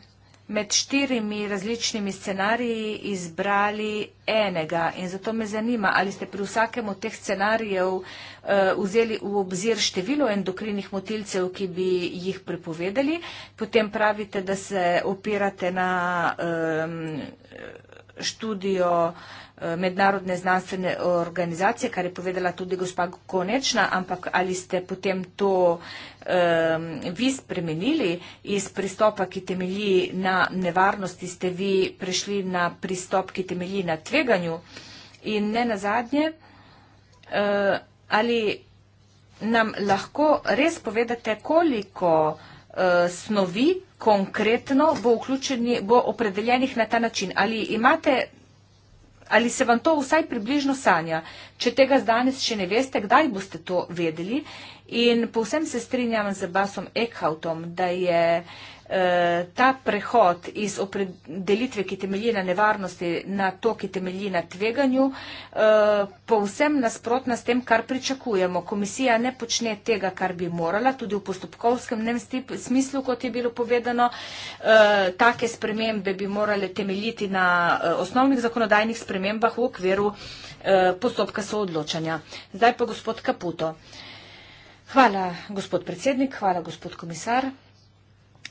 med štirimi različnimi scenariji izbrali enega. In zato me zanima, ali ste pri vsakem od teh scenarijev eh, vzeli v obzir število endokrinih motilcev, ki bi jih prepovedali. Potem pravite, da se opirate na. Um, študijo eh, mednarodne znanstvene organizacije, kar je povedala tudi gospa Konečna, ampak ali ste potem to um, vi spremenili iz pristopa, ki temelji na nevarnosti, ste vi prešli na pristop, ki temelji na tveganju in ne na zadnje, uh, eh, ali nam lahko res povedate, koliko uh, uh, snovi konkretno bo, bo opredeljenih na ta način. Ali, imate, ali se vam to vsaj približno sanja? Če tega danes še ne veste, kdaj boste to vedeli? In povsem se strinjam z Basom Eckhoutom, da je uh, Eh, ta prehod iz opredelitve, ki temelji na nevarnosti, na to, ki temelji na tveganju, eh, povsem nasprotna s tem, kar pričakujemo. Komisija ne počne tega, kar bi morala, tudi v postopkovskem smislu, kot je bilo povedano. Eh, take spremembe bi morale temeljiti na osnovnih zakonodajnih spremembah v okviru postopka soodločanja. Zdaj pa gospod Kaputo. Hvala, gospod predsednik, hvala, gospod komisar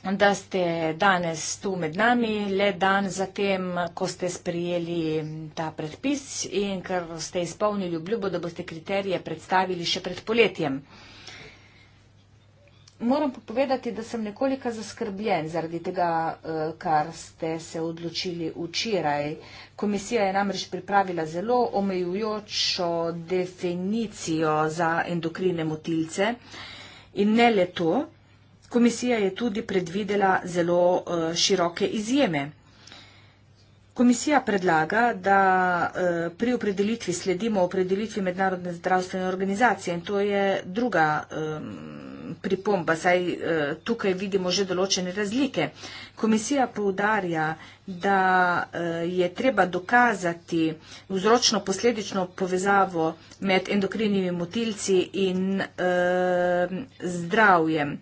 da ste danes tu med nami, le dan zatem, ko ste sprijeli ta predpis in ker ste izpolnili obljubo, da boste kriterije predstavili še pred poletjem. Moram pa povedati, da sem nekoliko zaskrbljen zaradi tega, eh, kar ste se odločili včeraj. Komisija je namreč pripravila zelo omejujočo definicijo za endokrine motilce in ne le to. Komisija je tudi predvidela zelo eh, široke izjeme. Komisija predlaga, da eh, pri opredelitvi sledimo opredelitvi Mednarodne zdravstvene organizacije in to je druga eh, pripomba, saj tukaj vidimo že določene razlike. Komisija poudarja, da je treba dokazati vzročno posledično povezavo med endokrinimi motilci in zdravjem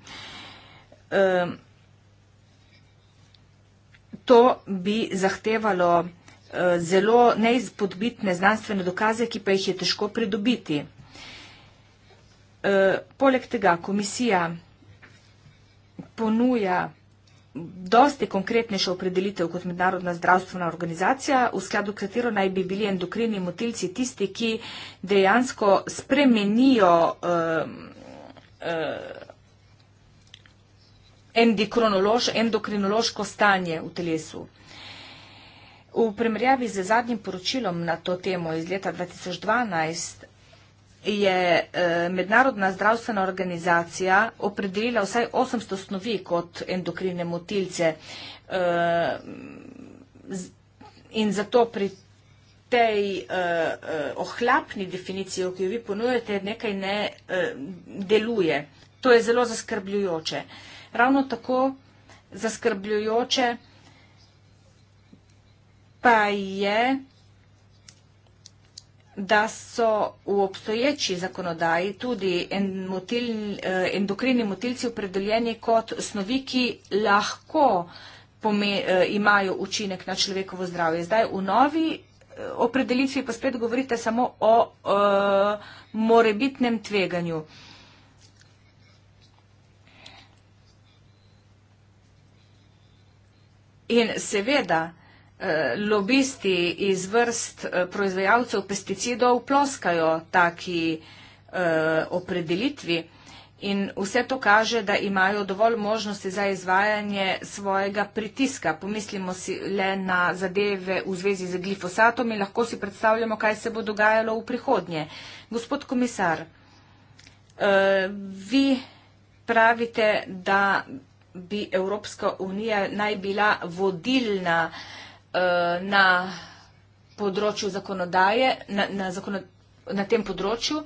to bi zahtevalo eh, zelo neizpodbitne znanstvene dokaze, ki pa jih je težko pridobiti. Eh, poleg tega komisija ponuja dosti konkretnejšo opredelitev kot mednarodna zdravstvena organizacija, v skladu katero naj bi bili endokrini motilci tisti, ki dejansko spremenijo uh, uh, endokrinološko stanje v telesu. V primerjavi z zadnjim poročilom na to temo iz leta 2012 je eh, Mednarodna zdravstvena organizacija opredelila vsaj 800 snovi kot endokrine motilce eh, in zato pri tej eh, ohlapni definiciji, ki jo vi ponujete, nekaj ne deluje. To je zelo zaskrbljujoče. Ravno tako zaskrbljujoče pa je, da so v obstoječi zakonodaji tudi motil, eh, endokrini motilci opredeljeni kot snovi, ki lahko pome, eh, imajo učinek na človekovo zdravje. Zdaj v novi eh, opredelitvi pa spet govorite samo o, o morebitnem tveganju. In seveda, eh, lobisti iz vrst eh, proizvajalcev pesticidov ploskajo taki eh, opredelitvi in vse to kaže, da imajo dovolj možnosti za izvajanje svojega pritiska. Pomislimo si le na zadeve v zvezi z glifosatom in lahko si predstavljamo, kaj se bo dogajalo v prihodnje. Gospod komisar, vi pravite, da bi Evropska unija naj bila vodilna uh, na področju zakonodaje, na, na, zakono, na tem področju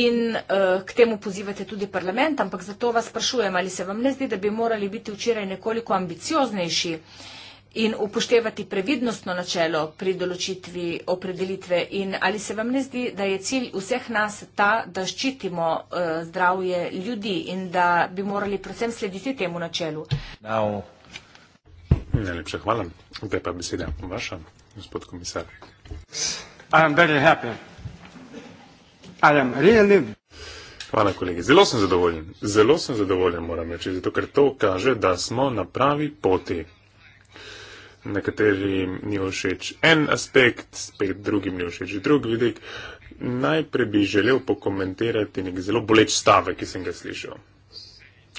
in uh, k temu pozivate tudi parlament, ampak zato vas sprašujem, ali se vam ne zdi, da bi morali biti včeraj nekoliko ambicioznejši uh, in upoštevati previdnostno načelo pri določitvi opredelitve? In ali se vam ne zdi, da je cilj vseh nas ta, da ščitimo uh, zdravje ljudi in da bi morali predvsem slediti temu načelu? Now. Najlepša hvala. Zdaj pa beseda vaša, gospod komisar. Really... Hvala, kolegi. Zelo sem zadovoljen. Zelo sem zadovoljen, moram reči, zato ker to kaže, da smo na pravi poti nekaterim ni všeč en aspekt, spet drugim ni všeč drug vidik. Najprej bi želel pokomentirati nek zelo boleč stavek, ki sem ga slišal.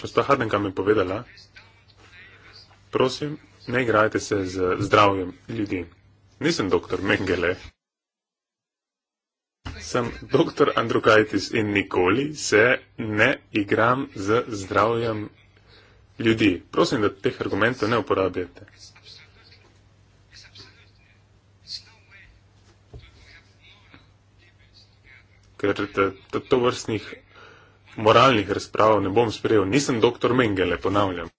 Gospa Hardenka mi je povedala, prosim, ne igrajte se z zdravjem ljudi. Nisem doktor Mengele. Sem doktor Andrukaitis in nikoli se ne igram z zdravjem ljudi. Prosim, da teh argumentov ne uporabljate. ker to, to vrstnih moralnih razprav ne bom sprejel. Nisem doktor Mengele, ponavljam.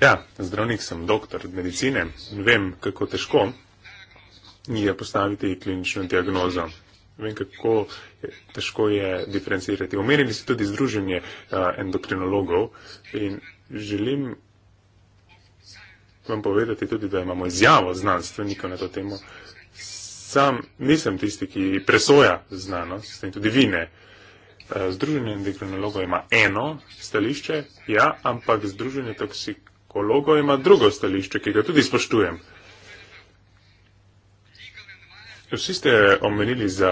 Ja, zdravnik sem, doktor medicine. Vem, kako težko je postaviti klinično diagnozo. Vem, kako je, težko je diferencirati. Omenili ste tudi združenje uh, endokrinologov in želim vam povedati tudi, da imamo izjavo znanstvenikov na to temo. Uh, sam nisem tisti, ki presoja znanost, s tem tudi vi ne. Eh, združenje endokrinologov ima eno stališče, ja, ampak združenje toksikologov ima drugo stališče, ki ga tudi spoštujem. Vsi ste omenili, za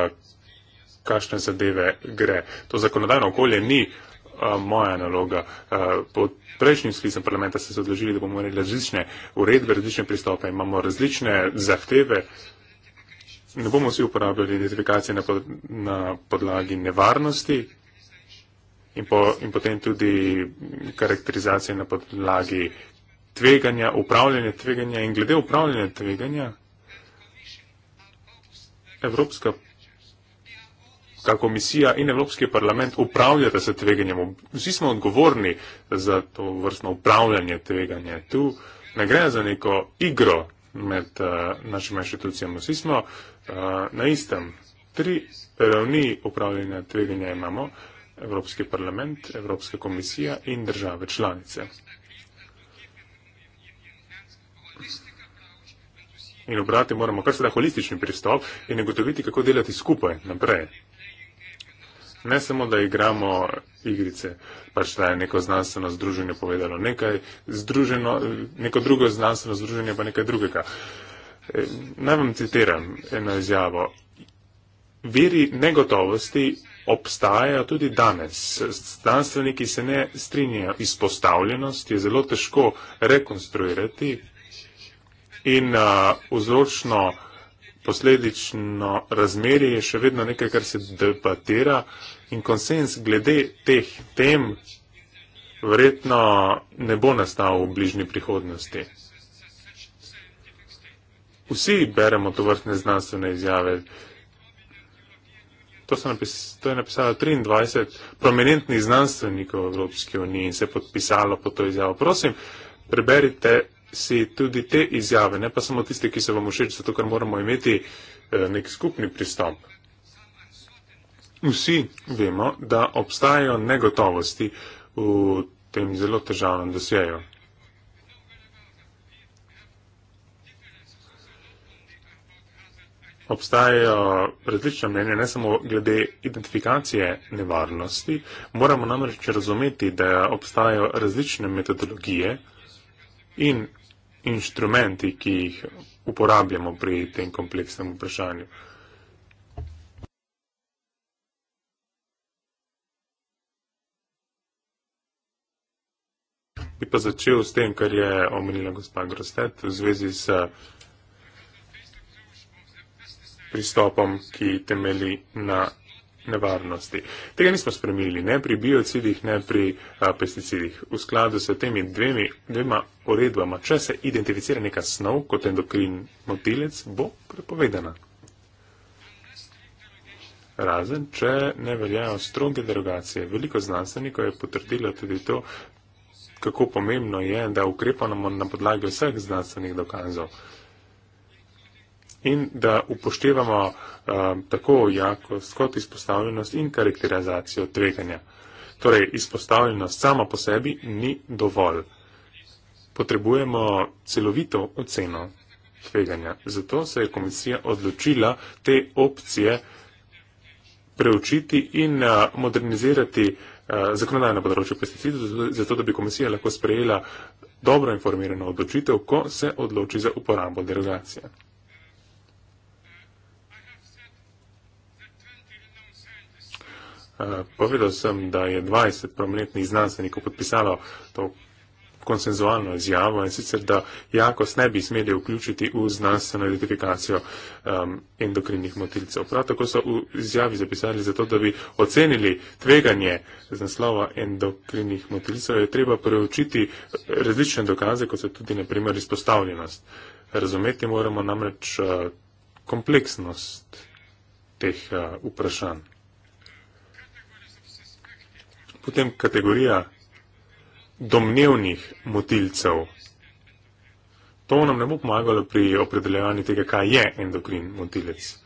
kakšne zadeve gre. To zakonodajno okolje ni a, eh, moja naloga. A, eh, pod prejšnjim sklicem parlamenta se so odložili, da bomo imeli različne uredbe, različne pristope, imamo različne zahteve ne bomo vsi uporabljali identifikacije na, pod, na podlagi nevarnosti in, po, in potem tudi karakterizacije na podlagi tveganja, upravljanja tveganja in glede upravljanja tveganja. Evropska, kako komisija in Evropski parlament upravljata se tveganjem. Vsi smo odgovorni za to vrstno upravljanje tveganja. Tu ne gre za neko igro med uh, eh, našimi inštitucijami. Vsi smo uh, na istem tri ravni upravljanja tveganja imamo, Evropski parlament, Evropska komisija in države članice. In obrati moramo kar se da holistični pristop in ugotoviti, kako delati skupaj naprej. Ne samo, da igramo igrice, pač da je neko znanstveno združenje povedalo nekaj, združeno, neko drugo znanstveno združenje pa nekaj drugega. Uh, Naj vam citiram eno izjavo. Viri negotovosti obstajajo tudi danes. Znanstveniki se ne strinjajo. Izpostavljenost je zelo težko rekonstruirati in vzročno posledično razmerje je še vedno nekaj, kar se debatira in konsens glede teh tem verjetno ne bo nastal v bližnji prihodnosti. Vsi beremo to vrstne znanstvene izjave. To, napis, to je napisalo 23 prominentnih znanstvenikov v Evropski uniji in se je podpisalo po to izjavo. Prosim, preberite si tudi te izjave, ne pa samo tiste, ki se vam všeč, zato ker moramo imeti eh, nek skupni pristop. Vsi vemo, da obstajajo negotovosti v tem zelo težavnem dosjeju. Obstajajo različna mnenja, ne samo glede identifikacije nevarnosti, moramo namreč razumeti, da obstajajo različne metodologije in inštrumenti, ki jih uporabljamo pri tem kompleksnem vprašanju. Bi pa začel s tem, kar je omenila gospa Grostet v zvezi s pristopom, ki temeli na nevarnosti. Tega nismo spremenili ne pri biocidih, ne pri a, pesticidih. V skladu s temi dvemi, dvema uredbama, če se identificira neka snov kot endokrin motilec, bo prepovedana. Razen, če ne veljajo stroge derogacije. Veliko znanstvenikov je potrdilo tudi to, kako pomembno je, da ukrepamo na podlagi vseh znanstvenih dokazov in da upoštevamo um, tako jakost kot izpostavljenost in karakterizacijo tveganja. Torej, izpostavljenost sama po sebi ni dovolj. Potrebujemo celovito oceno tveganja. Zato se je komisija odločila te opcije preučiti in uh, modernizirati uh, zakonodajno področje pesticidov, zato da bi komisija lahko sprejela dobro informirano odločitev, ko se odloči za uporabo derogacije. Eh, povedal sem, da je 20 prominentnih znanstvenikov podpisalo to konsenzualno izjavo in sicer, da jakost ne bi smeli vključiti v znanstveno identifikacijo um, endokrinnih motilcev. Prav tako so v izjavi zapisali zato, da bi ocenili tveganje z naslova endokrinnih motilcev, je treba preučiti različne dokaze, kot so tudi naprimer izpostavljenost. Razumeti moramo namreč uh, kompleksnost teh uh, vprašanj potem kategorija domnevnih motilcev. To nam ne bo pomagalo pri opredeljevanju tega, kaj je endokrin motilec.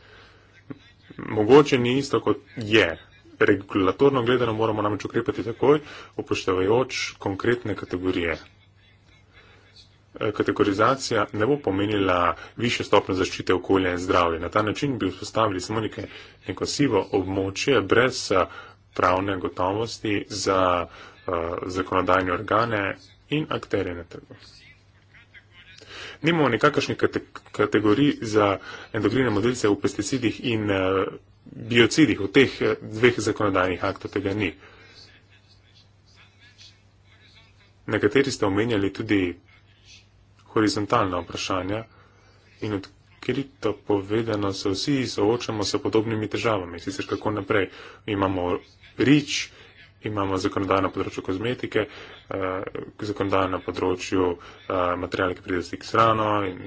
Mogoče ni isto, kot je. Regulatorno gledano moramo namreč ukrepati takoj, upoštevajoč konkretne kategorije. E, kategorizacija ne bo pomenila više stopne zaščite okolja in zdravja. Na ta način bi vzpostavili samo neke, neko sivo območje brez uh, pravne gotovosti za uh, zakonodajne organe in akterje na trgu. Nimamo nekakšnih kate kategorij za endokrine modelice v pesticidih in uh, biocidih, v teh eh, dveh zakonodajnih aktov tega ni. Nekateri ste omenjali tudi horizontalna vprašanja in odkrito povedano se vsi soočamo s podobnimi težavami, sicer kako naprej imamo REACH, imamo zakonodajo na področju kozmetike, uh, zakonodajo na področju uh, eh, materijala, ki pride stik s hrano in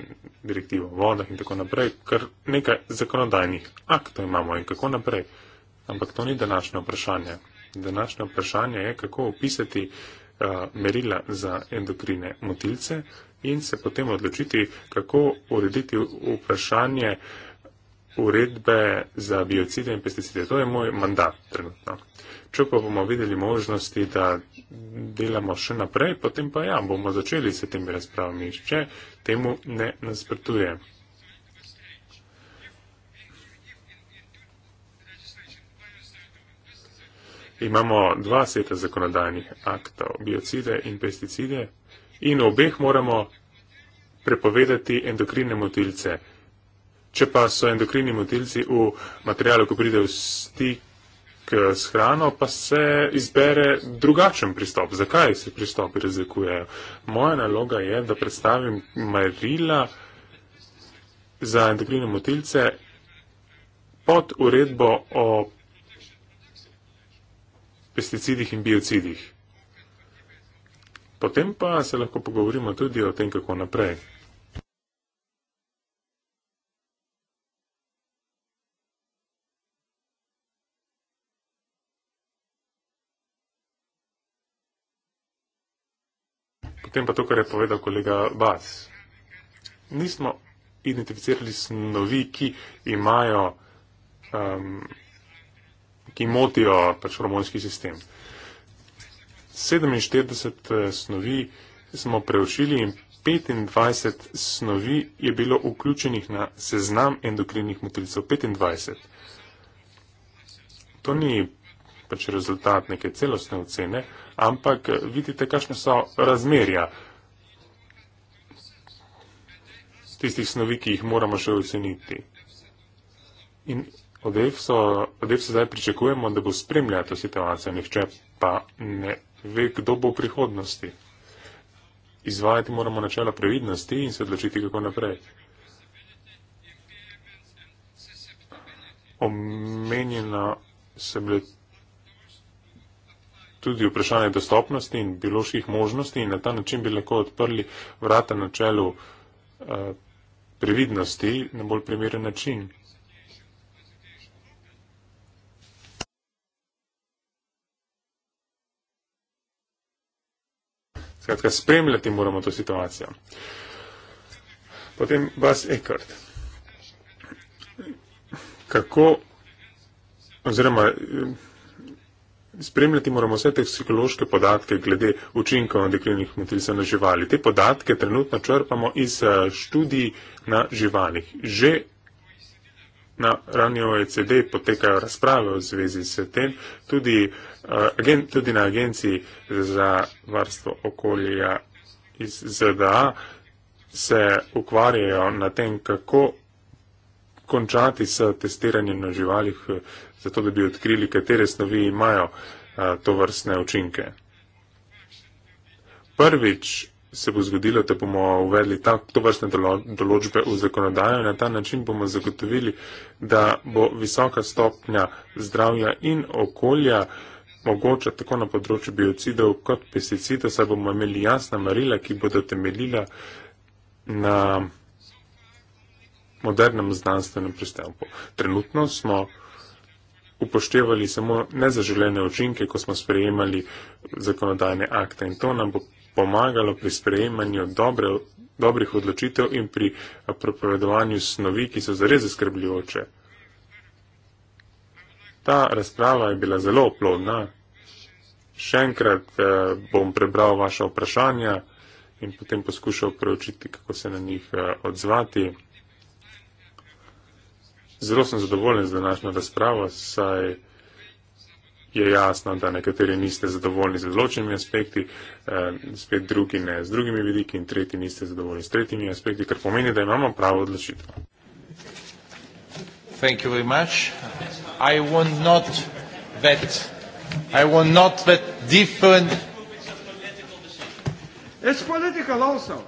direktivo o vodah in tako naprej, kar nekaj zakonodajnih aktov imamo in kako naprej. Ampak to ni današnje vprašanje. Današnje vprašanje je, kako opisati uh, merila za endokrine motilce in se potem odločiti, kako urediti vprašanje uh, uredbe za biocide in pesticide. To je moj mandat trenutno. Če pa bomo videli možnosti, da delamo še naprej, potem pa ja, bomo začeli s temi razpravami. Če temu ne nasprotuje. Imamo dva seta zakonodajnih aktov, biocide in pesticide, in v obeh moramo prepovedati endokrine motilce. Če pa so endokrini motilci v materialu, ko pride v stik eh, s hrano, pa se izbere drugačen pristop. Zakaj se pristopi razlikujejo? Moja naloga je, da predstavim merila za endokrine motilce pod uredbo o pesticidih in biocidih. Potem pa se lahko pogovorimo tudi o tem, kako naprej. potem pa to, kar je povedal kolega Bas. Nismo identificirali snovi, ki imajo, um, ki motijo pač hormonski sistem. 47 eh, snovi smo preušili in 25 snovi je bilo vključenih na seznam endokrinnih motilcev. 25. To ni pač rezultat neke celostne ocene, ampak vidite, kakšne so razmerja tistih snovi, ki jih moramo še oceniti. In od EFSA, od EFSA zdaj pričakujemo, da bo spremljala to situacijo, nihče pa ne ve, kdo bo v prihodnosti. Izvajati moramo načela previdnosti in se odločiti, kako naprej. Omenjena se bila tudi vprašanje dostopnosti in bioloških možnosti in na ta način bi lahko odprli vrata na čelu eh, previdnosti na bolj primeren način. Skratka, spremljati moramo to situacijo. Potem vas Eckert. Kako, oziroma, eh, Spremljati moramo vse te psihološke podatke glede učinkov endokrinih motilcev na živali. Te podatke trenutno črpamo iz eh, študij na živalih. Že na ravni OECD potekajo razprave v zvezi s tem, tudi, eh, agen, tudi na agenciji za varstvo okolja iz ZDA se ukvarjajo na tem, kako končati s testiranjem na živalih, eh, zato da bi odkrili, katere snovi imajo eh, to vrstne učinke. Prvič se bo zgodilo, da bomo uvedli ta, to vrstne določbe v zakonodajo in na ta način bomo zagotovili, da bo visoka stopnja zdravja in okolja mogoča tako na področju biocidov kot pesticidov, saj bomo imeli jasna marila, ki bodo temeljila na modernem znanstvenem pristopu. Trenutno smo upoštevali samo nezaželene učinke, ko smo sprejemali zakonodajne akte in to nam bo pomagalo pri sprejemanju dobre, dobrih odločitev in pri prepovedovanju snovi, ki so zares zaskrbljujoče. Ta razprava je bila zelo oplodna. Še enkrat eh, bom prebral vaše vprašanja in potem poskušal preučiti, kako se na njih eh, odzvati. Zelo sem zadovoljen z današnjo razpravo, saj je jasno, da nekateri niste zadovoljni z odločenimi aspekti, eh, spet drugi ne z drugimi vidiki in tretji niste zadovoljni s tretjimi aspekti, kar pomeni, da imamo pravo odločitev. Thank you very much. I want not that I want not that different It's political also.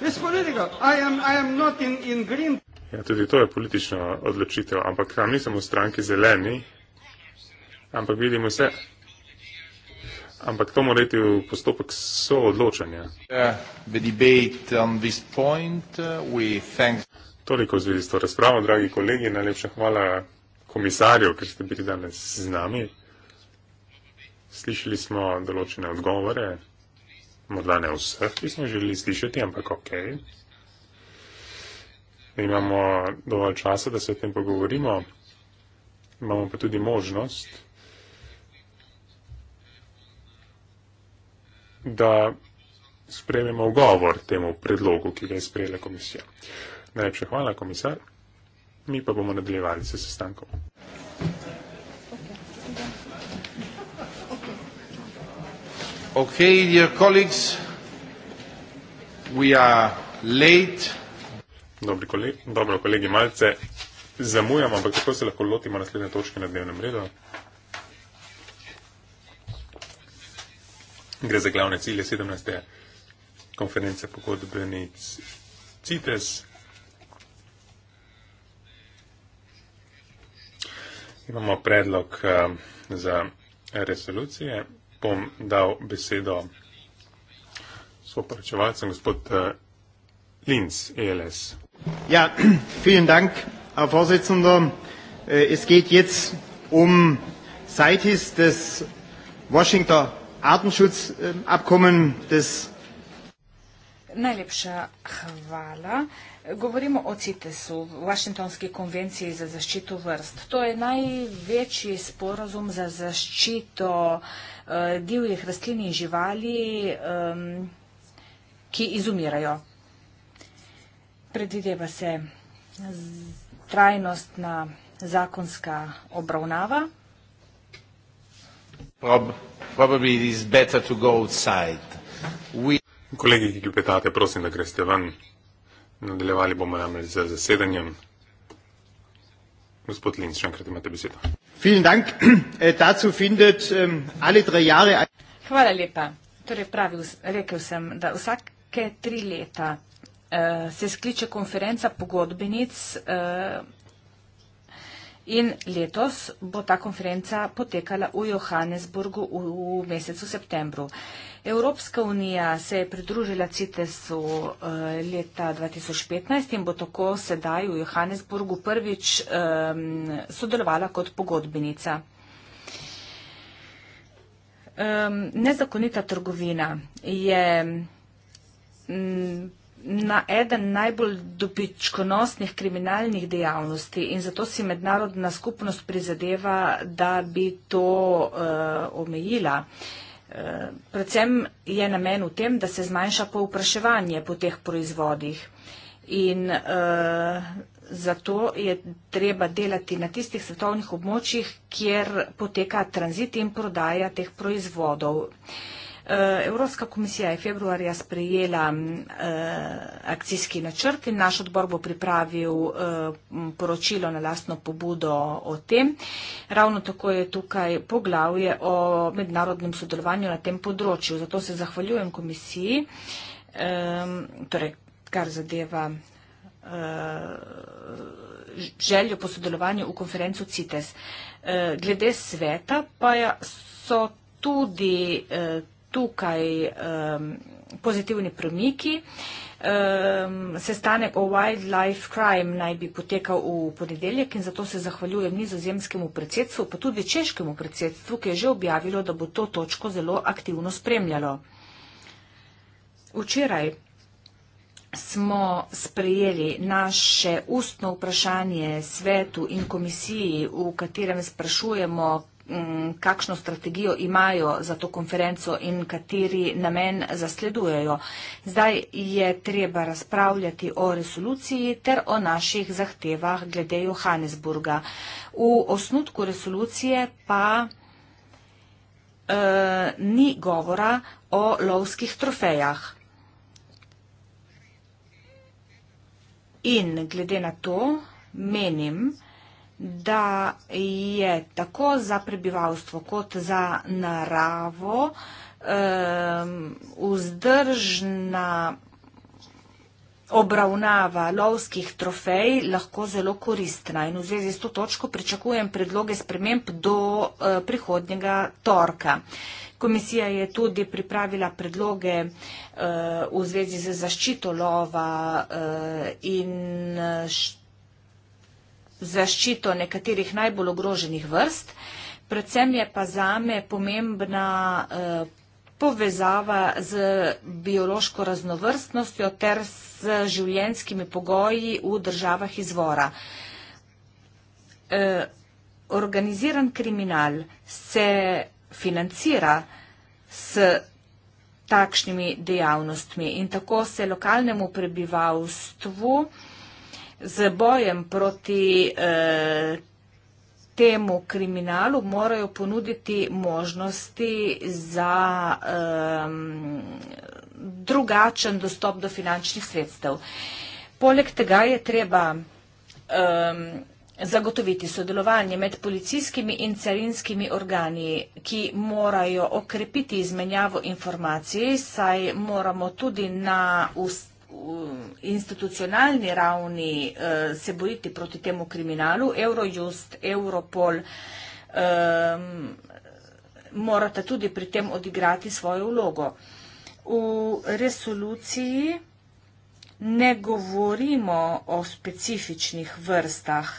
It's political. I am I am not in, in green Ja, tudi to je politična odločitev, ampak tam nismo v stranki zeleni, ampak vidimo vse. Ampak to mora iti v postopek soodločanja. Uh, Toliko v zvezi s to razpravo, dragi kolegi, najlepša hvala komisarju, ker ste bili danes z nami. Slišali smo določene odgovore, morda ne vse, ki smo želeli slišati, ampak okej. Okay da imamo dovolj časa, da se o tem pogovorimo. Imamo pa tudi možnost, da sprememo govor temu predlogu, ki ga je sprejela komisija. Najlepša hvala, komisar. Mi pa bomo nadaljevali se sestankom. Okay, dear colleagues, we are late. Dobri kolegi, dobro kolegi, malce zamujamo, ampak kako se lahko lotimo naslednje točke na dnevnem redu? Gre za glavne cilje 17. konference pogodbenic CITES. Imamo predlog um, za resolucije. Bom dal besedo svoj poročevalcem, gospod uh, Linz, ELS. Ja, vielen Dank, Herr Vorsitzender. Äh, es geht jetzt um CITES, das Washington Artenschutzabkommen des Najlepša hvala. Govorimo o CITES-u, Vašingtonski konvenciji za zaščito vrst. To je največji sporazum za zaščito uh, divjih rastlin in živali, um, ki izumirajo predvideva se trajnostna zakonska obravnava. Kolegi, ki klepetate, prosim, da greste ven. Nadaljevali bomo namreč z zasedanjem. Gospod Linz, še enkrat imate besedo. Dank. Äh, findet, um, alle jahre... Hvala lepa. Torej pravi, rekel sem, da vsake tri leta uh, se skliče konferenca pogodbenic uh, in letos bo ta konferenca potekala v Johannesburgu v, v mesecu septembru. Evropska unija se je pridružila CITES-u uh, leta 2015 in bo tako sedaj v Johannesburgu prvič um, sodelovala kot pogodbenica. Um, nezakonita trgovina je na eden najbolj dobičkonosnih kriminalnih dejavnosti in zato si mednarodna skupnost prizadeva, da bi to uh, omejila. Eh, predvsem je namen v tem, da se zmanjša povpraševanje po teh proizvodih in uh, zato je treba delati na tistih svetovnih območjih, kjer poteka tranzit in prodaja teh proizvodov. Uh, Eh, Evropska komisija je februarja sprejela eh, akcijski načrt in naš odbor bo pripravil eh, poročilo na lastno pobudo o tem. Ravno tako je tukaj poglavje o mednarodnem sodelovanju na tem področju. Zato se zahvaljujem komisiji, torej kar zadeva željo po sodelovanju v konferencu CITES. Glede sveta pa ja so tudi tukaj um, pozitivni premiki. Um, sestanek o wildlife crime naj bi potekal v ponedeljek in zato se zahvaljujem nizozemskemu predsedstvu, pa tudi češkemu predsedstvu, ki je že objavilo, da bo to točko zelo aktivno spremljalo. Včeraj smo sprejeli naše ustno vprašanje svetu in komisiji, v katerem sprašujemo, Mm, kakšno strategijo imajo za to konferenco in kateri namen zasledujejo. Zdaj je treba razpravljati o resoluciji ter o naših zahtevah glede Johannesburga. V osnutku resolucije pa eh, ni govora o lovskih trofejah. In glede na to menim, da je tako za prebivalstvo kot za naravo vzdržna obravnava lovskih trofej lahko zelo koristna. In v zvezi s to točko pričakujem predloge sprememb do eh, prihodnjega torka. Komisija je tudi pripravila predloge eh, v zvezi z zaščito lova eh, in štiri zaščito nekaterih najbolj ogroženih vrst. Predvsem je pa zame pomembna eh, povezava z biološko raznovrstnostjo ter z življenskimi pogoji v državah izvora. Eh, organiziran kriminal se financira s takšnimi dejavnostmi in tako se lokalnemu prebivalstvu z bojem proti eh, temu kriminalu morajo ponuditi možnosti za ehm, drugačen dostop do finančnih sredstev. Poleg tega je treba ehm, zagotoviti sodelovanje med policijskimi in carinskimi organi, ki morajo okrepiti izmenjavo informacij, saj moramo tudi na ustavljanju institucionalni ravni eh, se boriti proti temu kriminalu, Eurojust, Europol ehm, morata tudi pri tem odigrati svojo vlogo. V resoluciji ne govorimo o specifičnih vrstah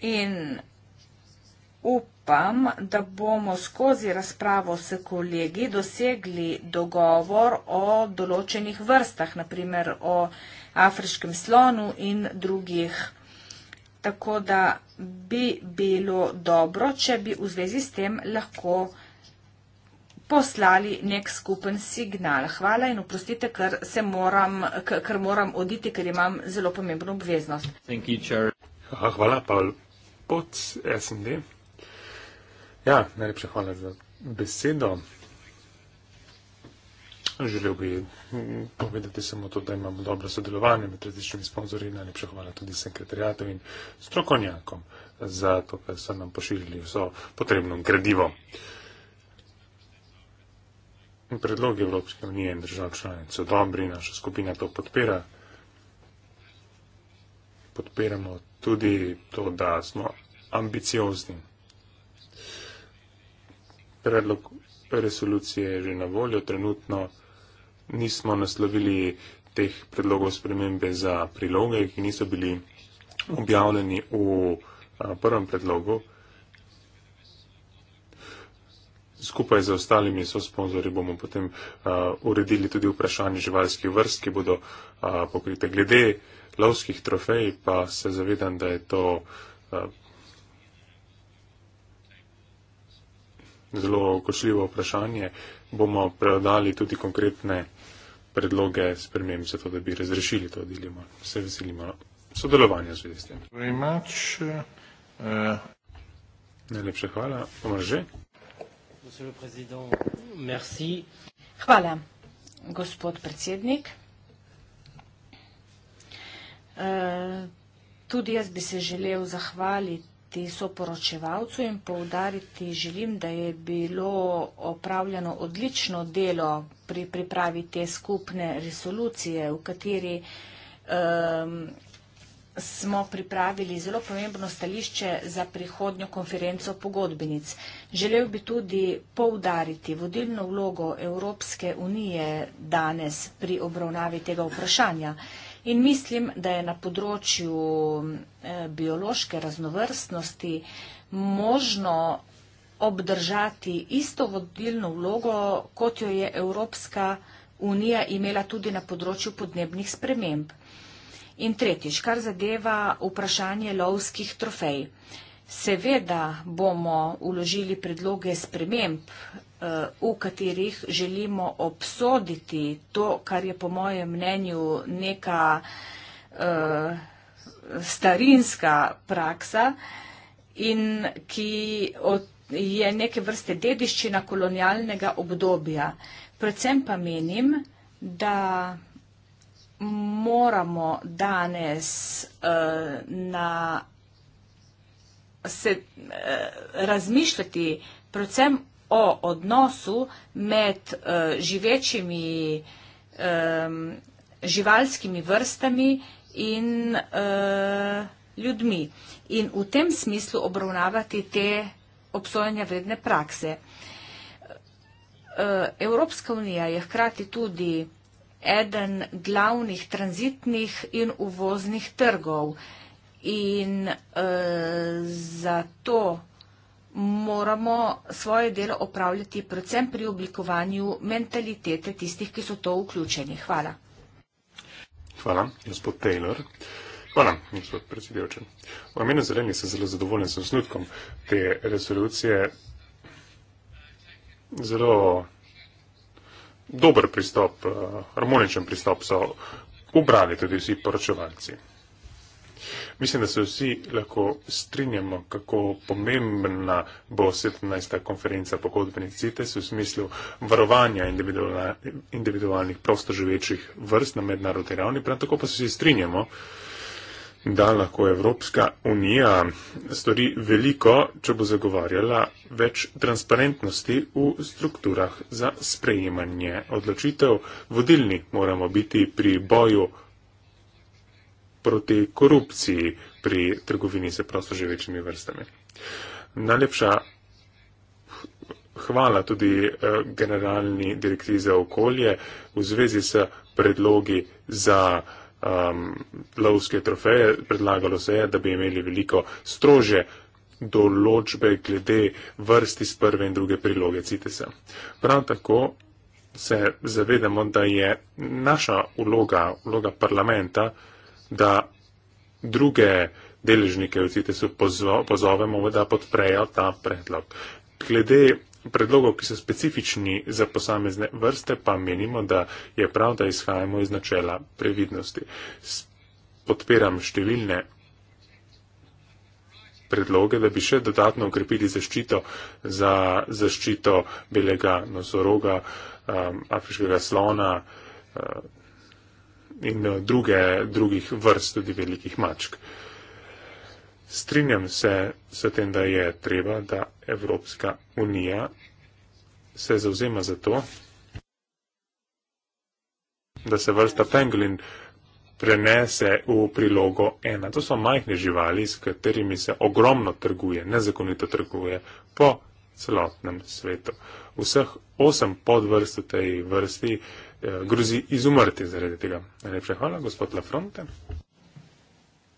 in vrstah, Upam, da bomo skozi razpravo s kolegi dosegli dogovor o določenih vrstah, naprimer o afriškem slonu in drugih. Tako da bi bilo dobro, če bi v zvezi s tem lahko poslali nek skupen signal. Hvala in oprostite, ker, se moram, ker moram oditi, ker imam zelo pomembno obveznost. You, Hvala, Paul. Pod SND. Ja, najlepša hvala za besedo. Želel bi hm, povedati samo to, da imamo dobro sodelovanje med različnimi sponzorji. Najlepša hvala tudi sekretarijatom in strokovnjakom za to, kar so nam pošiljali vso potrebno gradivo. Predlogi Evropske unije in držav članic so dobri, naša skupina to podpira. Podpiramo tudi to, da smo ambiciozni predlog resolucije je že na voljo. Trenutno nismo naslovili teh predlogov spremembe za priloge, ki niso bili objavljeni v prvem predlogu. Skupaj z ostalimi sosponzori bomo potem uh, uredili tudi vprašanje živalskih vrst, ki bodo uh, pokrite. Glede lovskih trofej pa se zavedam, da je to uh, zelo košljivo vprašanje, bomo predali tudi konkretne predloge sprememb za to, da bi razrešili to dilemo. Se veselimo sodelovanja z vestjem. Uh, Najlepše hvala. Pomože. Hvala, gospod predsednik. Uh, tudi jaz bi se želel zahvaliti povedati soporočevalcu in povdariti želim, da je bilo opravljeno odlično delo pri pripravi te skupne resolucije, v kateri um, smo pripravili zelo pomembno stališče za prihodnjo konferenco pogodbenic. Želel bi tudi povdariti vodilno vlogo Evropske unije danes pri obravnavi tega vprašanja. In mislim, da je na področju Eh, biološke raznovrstnosti možno obdržati isto vodilno vlogo, kot jo je Evropska unija imela tudi na področju podnebnih sprememb. In tretjič, kar zadeva vprašanje lovskih trofej. Seveda bomo uložili predloge sprememb, eh, v katerih želimo obsoditi to, kar je po mojem mnenju neka uh, starinska praksa in ki je neke vrste dediščina kolonialnega obdobja. Predvsem pa menim, da moramo danes uh, na se uh, razmišljati predvsem o odnosu med uh, živečimi um, živalskimi vrstami in uh, ljudmi in v tem smislu obravnavati te obsojanja vredne prakse. Eh, Evropska unija je hkrati tudi eden glavnih tranzitnih in uvoznih trgov in uh, zato moramo svoje delo opravljati predvsem pri oblikovanju mentalitete tistih, ki so to vključeni. Hvala. Hvala, gospod Taylor. Hvala, gospod predsedujoči. V imenu zelenih sem zelo zadovoljen z osnutkom te resolucije. Zelo dober pristop, eh, harmoničen pristop so ubrali tudi vsi poročevalci. Mislim, da se vsi lahko strinjamo, kako pomembna bo 17. konferenca pogodbenih CITES v smislu varovanja individualnih prostoživečih vrst na mednarodni ravni, prav tako pa se vsi strinjamo, da lahko Evropska unija stori veliko, če bo zagovarjala več transparentnosti v strukturah za sprejemanje odločitev. Vodilni moramo biti pri boju proti korupciji pri trgovini s prostoživečimi vrstami. Najlepša hvala tudi eh, generalni direktiv za okolje v zvezi s predlogi za um, lovske trofeje. Predlagalo se je, da bi imeli veliko strože določbe glede vrsti z prve in druge priloge CITES-a. Prav tako se zavedamo, da je naša vloga, vloga parlamenta, da druge deležnike v CITES-u pozovemo, da podprejo ta predlog. Glede predlogov, ki so specifični za posamezne vrste, pa menimo, da je prav, da izhajamo iz načela previdnosti. Podpiram številne predloge, da bi še dodatno ukrepili zaščito za zaščito belega nosoroga, um, afriškega slona, uh, in eh, druge, drugih vrst tudi velikih mačk. Strinjam se s tem, da je treba, da Evropska unija se zauzema za to, da se vrsta penguin prenese v prilogo ena. To so majhne živali, s katerimi se ogromno trguje, nezakonito trguje po celotnem svetu. Vseh osem podvrst v tej vrsti Eh, grozi izumrti zaradi tega. Najlepša hvala, gospod Lafronte.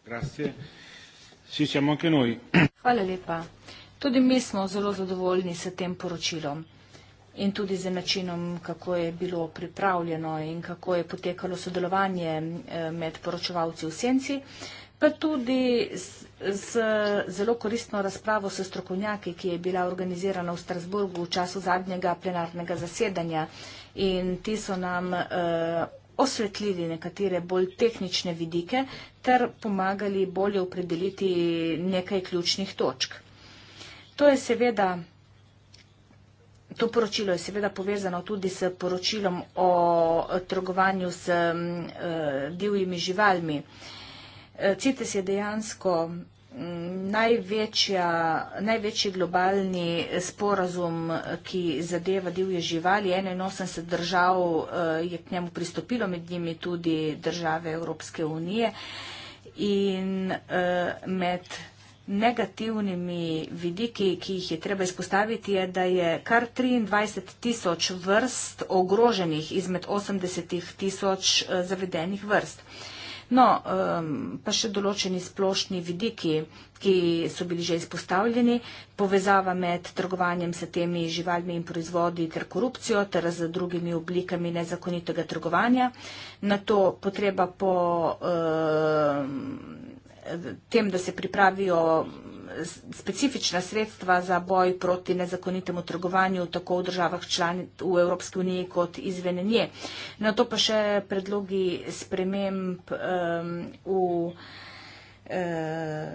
Hvala lepa. Tudi mi smo zelo zadovoljni s tem poročilom in tudi z načinom, kako je bilo pripravljeno in kako je potekalo sodelovanje eh, med poročevalci v Senci, pa tudi z zelo koristno razpravo s strokovnjaki, ki je bila organizirana v Strasburgu v času zadnjega plenarnega zasedanja in ti so nam eh, osvetlili nekatere bolj tehnične vidike ter pomagali bolje opredeliti nekaj ključnih točk. To je seveda. To poročilo je seveda povezano tudi s poročilom o trgovanju z eh, divjimi živalmi. Eh, CITES je dejansko največja, največji globalni sporazum, ki zadeva divje živali, 81 držav eh, je k njemu pristopilo, med njimi tudi države Evropske unije. In eh, med negativnimi vidiki, ki jih je treba izpostaviti, je, da je kar 23 tisoč vrst ogroženih izmed 80 tisoč eh, zavedenih vrst. No, um, pa še določeni splošni vidiki, ki so bili že izpostavljeni, povezava med trgovanjem s temi živalmi in proizvodi ter korupcijo ter z drugimi oblikami nezakonitega trgovanja, na to potreba po um, tem, da se pripravijo specifična sredstva za boj proti nezakonitemu trgovanju tako v državah članic v Evropski uniji kot izven nje. Na to pa še predlogi sprememb um, v uh,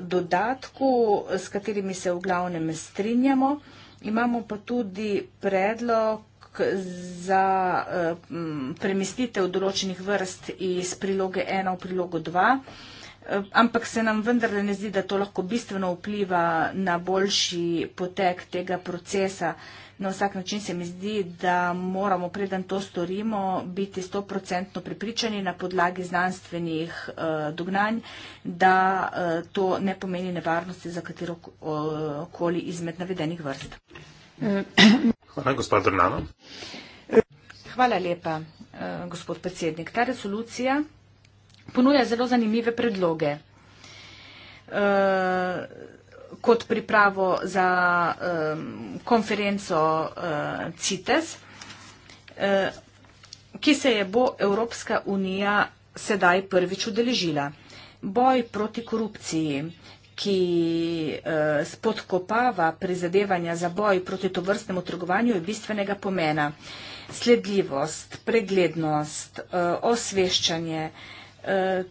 dodatku, s katerimi se v glavnem strinjamo. Imamo pa tudi predlog za eh, premestitev določenih vrst iz priloge 1 v prilogo 2 ampak se nam vendarle ne zdi, da to lahko bistveno vpliva na boljši potek tega procesa. Na vsak način se mi zdi, da moramo, preden to storimo, biti stoprocentno pripričani na podlagi znanstvenih uh, dognanj, da uh, to ne pomeni nevarnosti za katero uh, koli izmed navedenih vrst. Hvala, gospod Drnano. Hvala lepa, uh, gospod predsednik. Ta resolucija ponuja zelo zanimive predloge. Eh, kot pripravo za konferenco eh, CITES, eh, ki se je bo Evropska unija sedaj prvič udeležila. Boj proti korupciji, ki spodkopava prizadevanja za boj proti tovrstnemu trgovanju, je bistvenega pomena. Sledljivost, preglednost, osveščanje, Eh,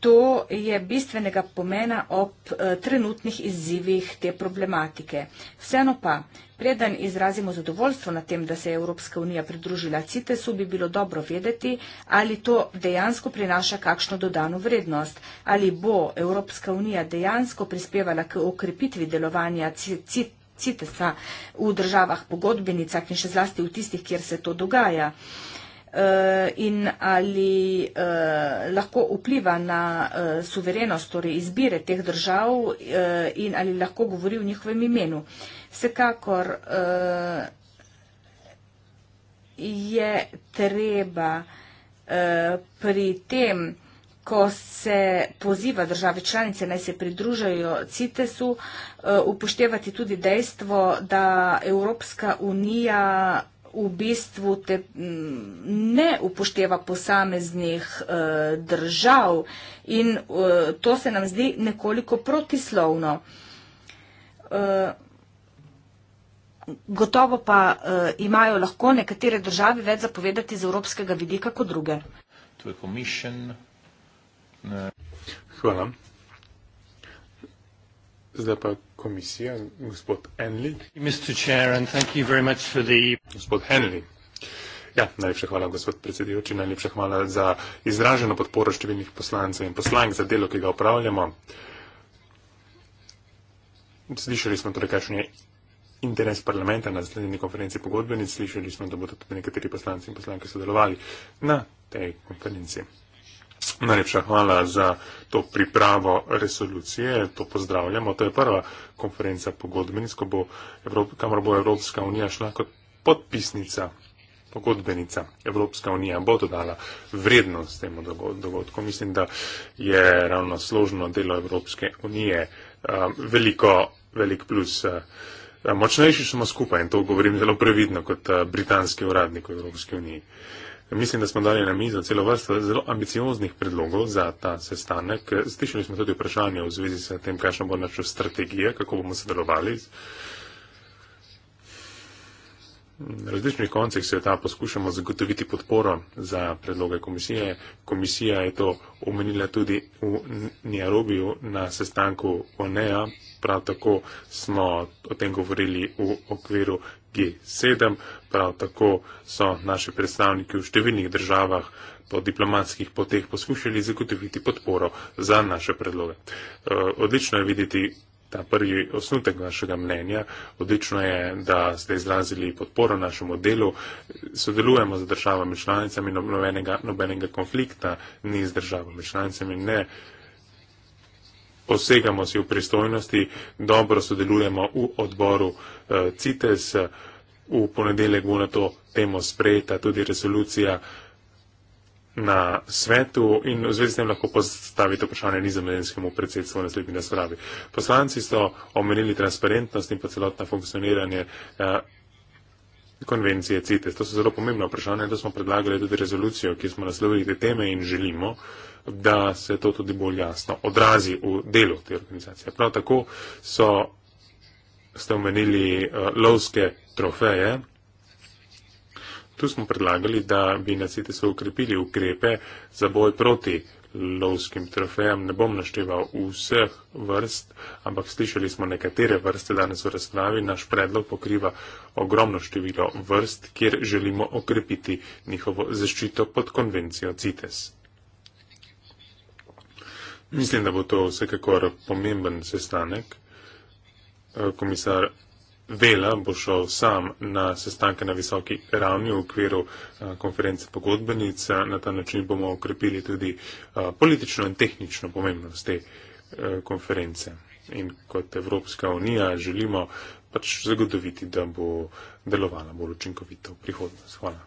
to je bistvenega pomena ob eh, trenutnih izzivih te problematike. Vseeno pa, preden izrazimo zadovoljstvo na tem, da se je Evropska unija pridružila CITES-u, bi bilo dobro vedeti, ali to dejansko prinaša kakšno dodano vrednost, ali bo Evropska unija dejansko prispevala k okrepitvi delovanja CITES-a citesa v državah pogodbenicah in še zlasti v tistih, kjer se to dogaja. Uh, Eh, in ali eh, lahko vpliva na eh, suverenost, torej izbire teh držav in ali lahko govori v njihovem imenu. Vsekakor je treba pri tem, ko se poziva države članice naj se pridružajo CITES-u, upoštevati tudi dejstvo, da Evropska unija v bistvu te, ne upošteva posameznih uh, držav in uh, to se nam zdi nekoliko protislovno. Uh, gotovo pa uh, imajo lahko nekatere države več zapovedati z evropskega vidika kot druge. Hvala. Zdaj pa komisija, gospod Henley. The... Gospod Henley. Ja, najlepša hvala, gospod predsedujoči, najlepša hvala za izraženo podporo številnih poslancev in poslank za delo, ki ga upravljamo. Slišali smo torej, kakšen je interes parlamenta na naslednji konferenci pogodbenic, slišali smo, da bodo tudi nekateri poslanci in poslanke sodelovali na tej konferenci. Najlepša hvala za to pripravo resolucije. To pozdravljamo. To je prva konferenca pogodbenisko, kamor bo Evropska unija šla kot podpisnica. Pogodbenica Evropska unija bo dodala vrednost temu dogodku. Mislim, da je ravno složno delo Evropske unije um, veliko, velik plus. Uh, močnejši smo skupaj in to govorim zelo previdno kot uh, britanski uradnik v Evropski uniji. Uh, Mislim, da smo dali na mizo celo vrsto zelo ambicioznih predlogov za ta sestanek. Slišali smo tudi vprašanje v zvezi s tem, kakšna bo naša strategija, kako bomo sodelovali. Na različnih koncih sveta poskušamo zagotoviti podporo za predloge komisije. Komisija je to omenila tudi v Njerobiju na sestanku ONEA. Prav tako smo o tem govorili v okviru G7. Prav tako so naši predstavniki v številnih državah po diplomatskih poteh poskušali zagotoviti podporo za naše predloge. E, odlično je videti ta prvi osnutek našega mnenja, odlično je, da ste izrazili podporo našemu delu, sodelujemo z državami članicami, no, nobenega, nobenega konflikta ni z državami članicami, ne posegamo si v pristojnosti, dobro sodelujemo v odboru eh, CITES. Eh, v ponedeljek bo na to temo sprejeta tudi resolucija na svetu in v zvezi s tem lahko postavite vprašanje nizomedenskemu predsedstvu v naslednji razpravi. Poslanci so omenili transparentnost in pa celotno funkcioniranje eh, konvencije CITES. To so zelo pomembna vprašanja, da smo predlagali tudi rezolucijo, ki smo naslovili te teme in želimo, da se to tudi bolj jasno odrazi v delu te organizacije. Prav tako so, ste omenili uh, lovske trofeje. Tu smo predlagali, da bi na CITES-u ukrepili ukrepe za boj proti uh, lovskim trofejem. Ne bom našteval vseh vrst, ampak slišali smo nekatere vrste danes v razpravi. Naš predlog pokriva ogromno število vrst, kjer želimo okrepiti njihovo zaščito pod konvencijo CITES. Mislim, da bo to vsekakor pomemben sestanek. Komisar Vela bo šel sam na sestanke na visoki ravni v okviru konference pogodbenic. Na ta način bomo okrepili tudi politično in tehnično pomembnost te e, konference. In kot Evropska unija želimo pač zagotoviti, da bo delovala bolj učinkovito v prihodnost. Hvala.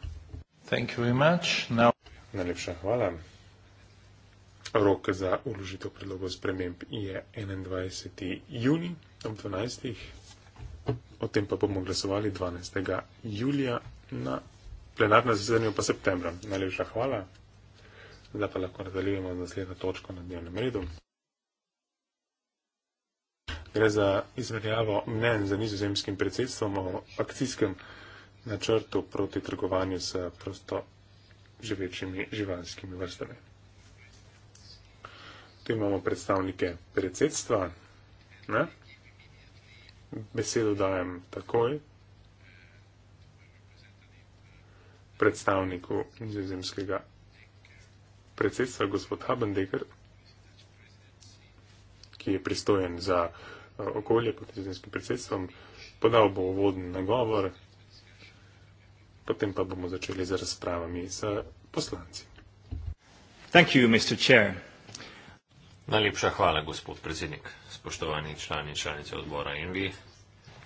Now... Najlepša hvala. Rok za uložitev predlogov sprememb je 21. juni ob 12. O tem pa bomo glasovali 12. julija na plenarnem zasedanju pa septembra. Najlepša hvala. Zdaj pa lahko nadaljujemo z naslednjo točko na dnevnem redu. Gre za izverjavo mnen za nizozemskim predsedstvom o akcijskem načrtu proti trgovanju s prosto živečimi živalskimi vrstami. Tu imamo predstavnike predsedstva. Ne? besedo dajem takoj predstavniku nizozemskega predsedstva, gospod Habendeker, ki je pristojen za eh, okolje pod nizozemskim predsedstvom. Podal bo uvodni nagovor, potem pa bomo začeli z razpravami z poslanci. Thank you, Mr. Chair. Najlepša hvala, gospod predsednik spoštovani člani in članice odbora in vi.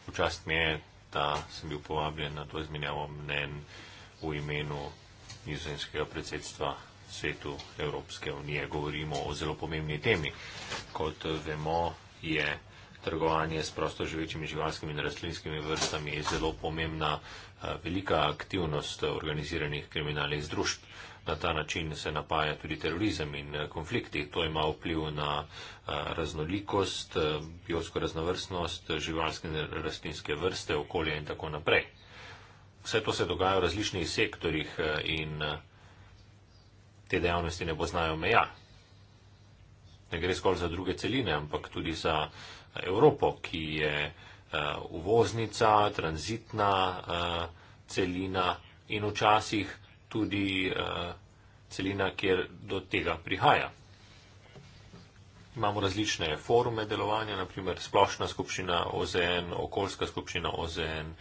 Včast mi je, da sem bil povabljen na to izmenjavo mnen v imenu nizozemskega predsedstva svetu Evropske unije. Govorimo o zelo pomembni temi. Kot vemo, je trgovanje s prostoživečimi živalskimi in rastlinskimi vrstami zelo pomembna eh, velika aktivnost organiziranih kriminalnih združb na ta način se napaja tudi terorizem in eh, konflikti. To ima vpliv na eh, raznolikost, eh, biotsko raznovrstnost, živalske in rastlinske vrste, okolje in tako naprej. Vse to se dogaja v različnih sektorjih in te dejavnosti ne poznajo meja. Ne gre zgolj za druge celine, ampak tudi za Evropo, ki je uvoznica, tranzitna celina in včasih tudi uh, celina, kjer do tega prihaja. Imamo različne forume delovanja, naprimer splošna skupščina OZN, okoljska skupščina OZN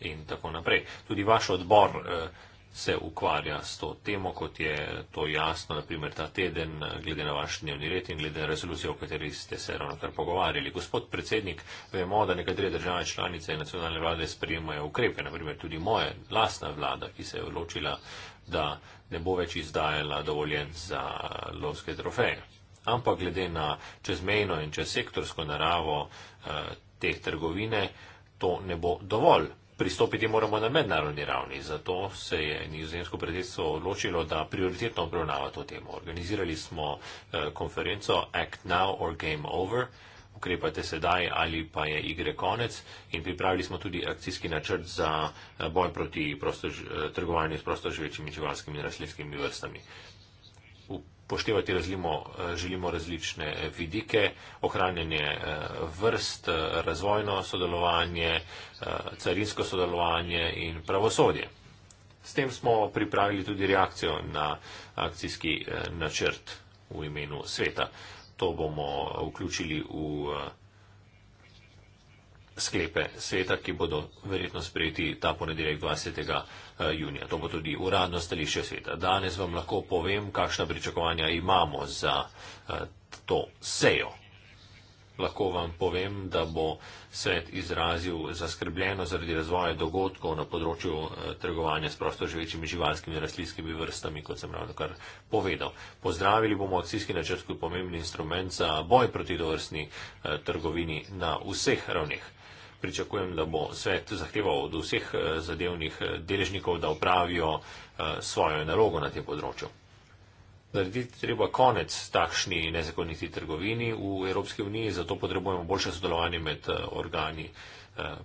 in tako naprej. Tudi vaš odbor. Uh, se ukvarja s to temo, kot je to jasno, naprimer ta teden, glede na vaš dnevni red in glede na rezolucijo, o kateri ste se ravno kar pogovarjali. Gospod predsednik, vemo, da nekatere države članice in nacionalne vlade sprejemajo ukrepe, naprimer tudi moja lasna vlada, ki se je odločila, da ne bo več izdajala dovoljen za lovske trofeje. Ampak glede na čezmejno in čezsektorsko naravo eh, teh trgovine, to ne bo dovolj. Pristopiti moramo na mednarodni ravni, zato se je nizozemsko predsedstvo odločilo, da prioritetno obravnava to temo. Organizirali smo eh, konferenco Act Now or Game Over, ukrepate sedaj ali pa je igre konec in pripravili smo tudi akcijski načrt za eh, boj proti eh, trgovanju s prostoživečimi živalskimi in rastlinskimi vrstami poštevati razlimo, eh, želimo različne eh, vidike, ohranjanje eh, vrst, razvojno sodelovanje, carinsko sodelovanje in pravosodje. S tem smo pripravili tudi reakcijo na akcijski načrt v imenu sveta. To bomo vključili v sklepe sveta, ki bodo verjetno sprejeti ta ponedeljek 20. Eh, junija. To bo tudi uradno stališče sveta. Danes vam lahko povem, kakšna pričakovanja imamo za eh, to sejo. Lahko vam povem, da bo svet izrazil zaskrbljeno zaradi razvoja dogodkov na področju eh, trgovanja s prostoživečimi živalskimi rastlinskimi vrstami, kot sem ravno kar povedal. Pozdravili bomo akcijski načrt kot pomembni instrument za boj proti dovrstni trgovini na vseh ravneh pričakujem, da bo svet zahteval od vseh eh, zadevnih eh, deležnikov, da upravijo eh, svojo nalogo na tem področju. Narediti treba konec takšni nezakoniti trgovini v Evropski uniji, zato potrebujemo boljše sodelovanje med organi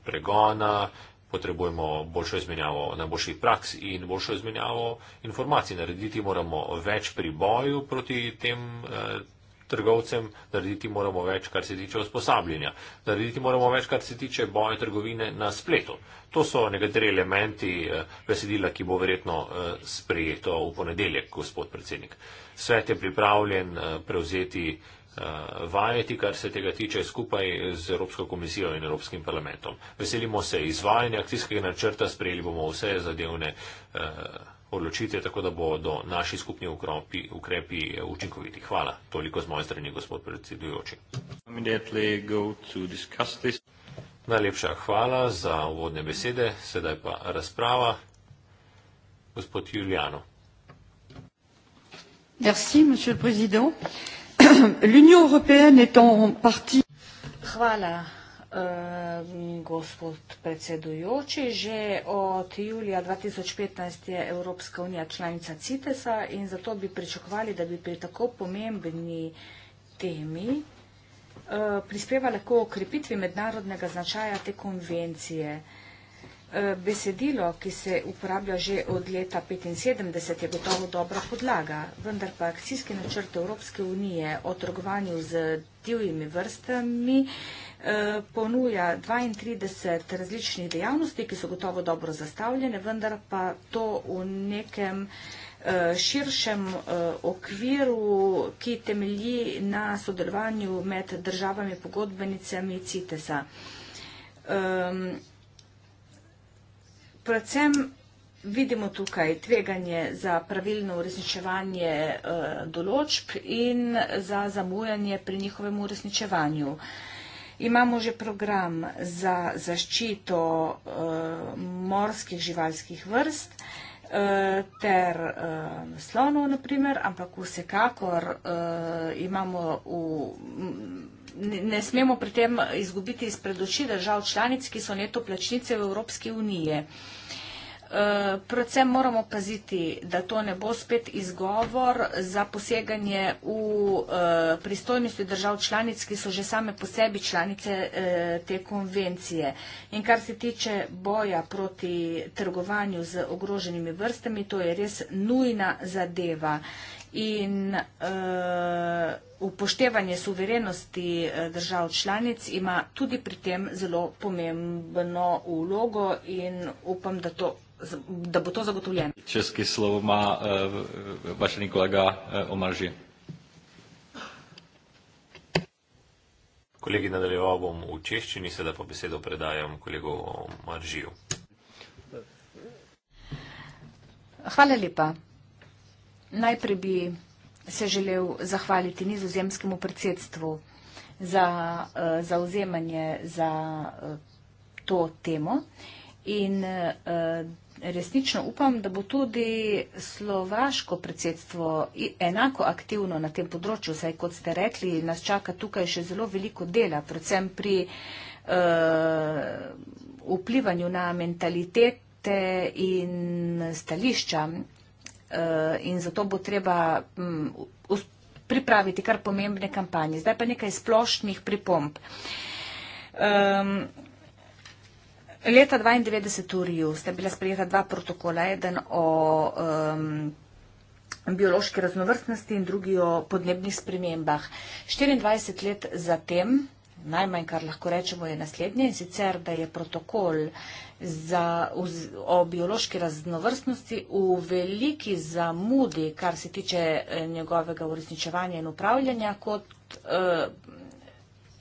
pregona, potrebujemo boljšo izmenjavo najboljših praks in boljšo izmenjavo informacij. Narediti moramo več pri boju proti tem trgovcem, narediti moramo več, kar se tiče usposabljanja, narediti moramo več, kar se tiče boja trgovine na spletu. To so nekateri elementi eh, besedila, ki bo verjetno eh, sprejeto v ponedeljek, gospod predsednik. Svet je pripravljen eh, prevzeti vajeti, kar se tega tiče skupaj z Evropsko komisijo in Evropskim parlamentom. Veselimo se izvajanja akcijskega načrta, sprejeli bomo vse zadevne. Uh odločitve, tako da bodo naši skupni ukropi, ukrepi eh, učinkoviti. Hvala. Toliko z moje strani, gospod predsedujoči. Najlepša hvala za uvodne besede, sedaj pa razprava. Gospod Juliano. Hvala, Ehm, gospod predsedujoči, že od julija 2015 je Evropska unija članica CITES-a in zato bi pričakovali, da bi pri tako pomembni temi eh, prispevala k okrepitvi mednarodnega značaja te konvencije. Eh, besedilo, ki se uporablja že od leta 1975, je gotovo dobra podlaga, vendar pa akcijski načrt Evropske unije o trgovanju z divjimi vrstami E, ponuja 32 različnih dejavnosti, ki so gotovo dobro zastavljene, vendar pa to v nekem e, širšem e, okviru, ki temelji na sodelovanju med državami pogodbenicami CITES-a. Predvsem vidimo tukaj tveganje za pravilno uresničevanje določb in za zamujanje pri njihovem uresničevanju. Imamo že program za zaščito eh, morskih živalskih vrst eh, ter eh, slonov, naprimer, ampak vsekakor imamo v. Ne smemo pri tem izgubiti izpred oči držav članic, ki so neto plačnice v Evropski uniji. Eh, predvsem moramo paziti, da to ne bo spet izgovor za poseganje v eh, pristojnosti držav članic, ki so že same po sebi članice eh, te konvencije. In kar se tiče boja proti trgovanju z ogroženimi vrstami, to je res nujna zadeva. In uh, upoštevanje suverenosti držav članic ima tudi pri tem zelo pomembno ulogo in upam, da to da bo to zagotovljeno. Česki slov ima uh, eh, vaš kolega uh, eh, Omarži. Kolegi, nadaljeval bom v češčini, sedaj pa besedo predajam kolegu Omaržiju. Hvala lepa. Najprej bi se želel zahvaliti nizozemskemu predsedstvu za uh, eh, zauzemanje za uh, to temo in uh, resnično upam, da bo tudi slovaško predsedstvo enako aktivno na tem področju, saj kot ste rekli, nas čaka tukaj še zelo veliko dela, predvsem pri uh, vplivanju na mentalitete in stališča uh, in zato bo treba um, pripraviti kar pomembne kampanje. Zdaj pa nekaj splošnih pripomp. Um, ehm, Leta 1992 v Riju sta bila sprejeta dva protokola, eden o um, biološki raznovrstnosti in drugi o podnebnih spremembah. 24 let zatem, najmanj kar lahko rečemo, je naslednje in sicer, da je protokol za, uz, o biološki raznovrstnosti v veliki zamudi, kar se tiče eh, njegovega uresničevanja in upravljanja kot, uh,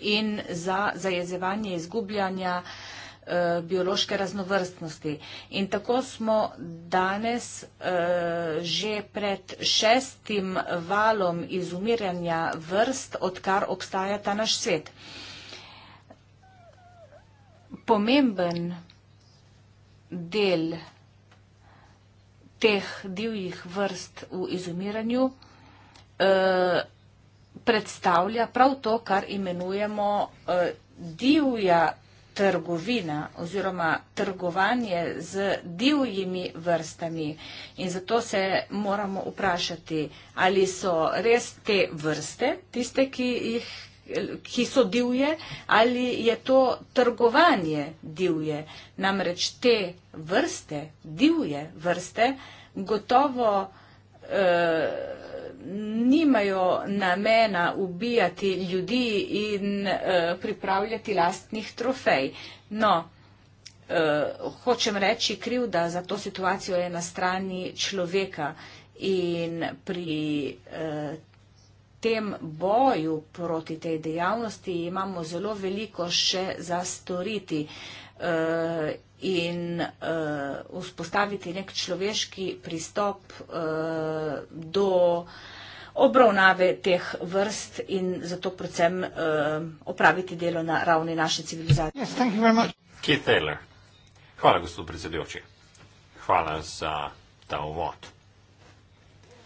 in za zajezevanje izgubljanja uh, Eh, biološke raznovrstnosti. In tako smo danes eh, že pred šestim valom izumiranja vrst, odkar obstaja ta naš svet. Pomemben del teh divjih vrst v izumiranju eh, predstavlja prav to, kar imenujemo divja vrst trgovina oziroma trgovanje z divjimi vrstami. In zato se moramo vprašati, ali so res te vrste, tiste, ki, jih, ki so divje, ali je to trgovanje divje. Namreč te vrste, divje vrste, gotovo. Eh, nimajo namena ubijati ljudi in uh, pripravljati lastnih trofej. No, uh, hočem reči krivda za to situacijo je na strani človeka in pri uh, tem boju proti tej dejavnosti imamo zelo veliko še za storiti. Uh, in uh, vzpostaviti nek človeški pristop uh, do obravnave teh vrst in zato predvsem uh, opraviti delo na ravni naše civilizacije. Yes, Keith Taylor, hvala gospod predsedujoči. Hvala za ta uvod.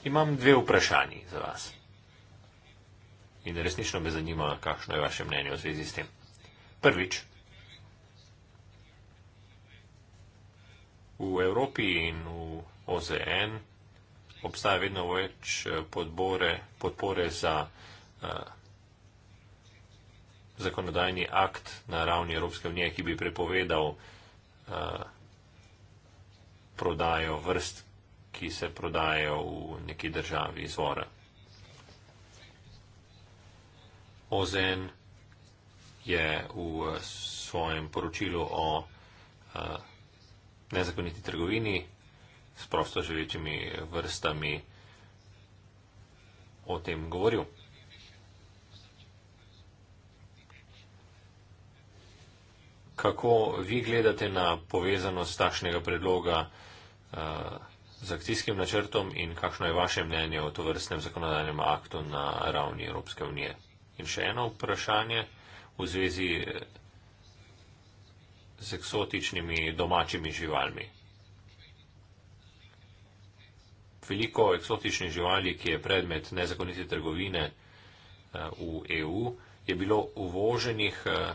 Imam dve vprašanji za vas. In resnično me zanima, kakšno je vaše mnenje v zvezi s tem. Prvič, V Evropi in v OZN obstaja vedno več eh, podbore, podpore za uh, zakonodajni akt na ravni Evropske unije, ki bi prepovedal uh, prodajo vrst, ki se prodajo v neki državi izvora. OZN je v svojem poročilu o uh, nezakoniti trgovini, s prosto želečimi vrstami o tem govoril. Kako vi gledate na povezanost takšnega predloga uh, z akcijskim načrtom in kakšno je vaše mnenje o to vrstnem zakonodajnem aktu na ravni Evropske unije? In še eno vprašanje v zvezi. Uh, z eksotičnimi domačimi živalmi. Veliko eksotičnih živali, ki je predmet nezakonite trgovine eh, v EU, je bilo uvoženih eh,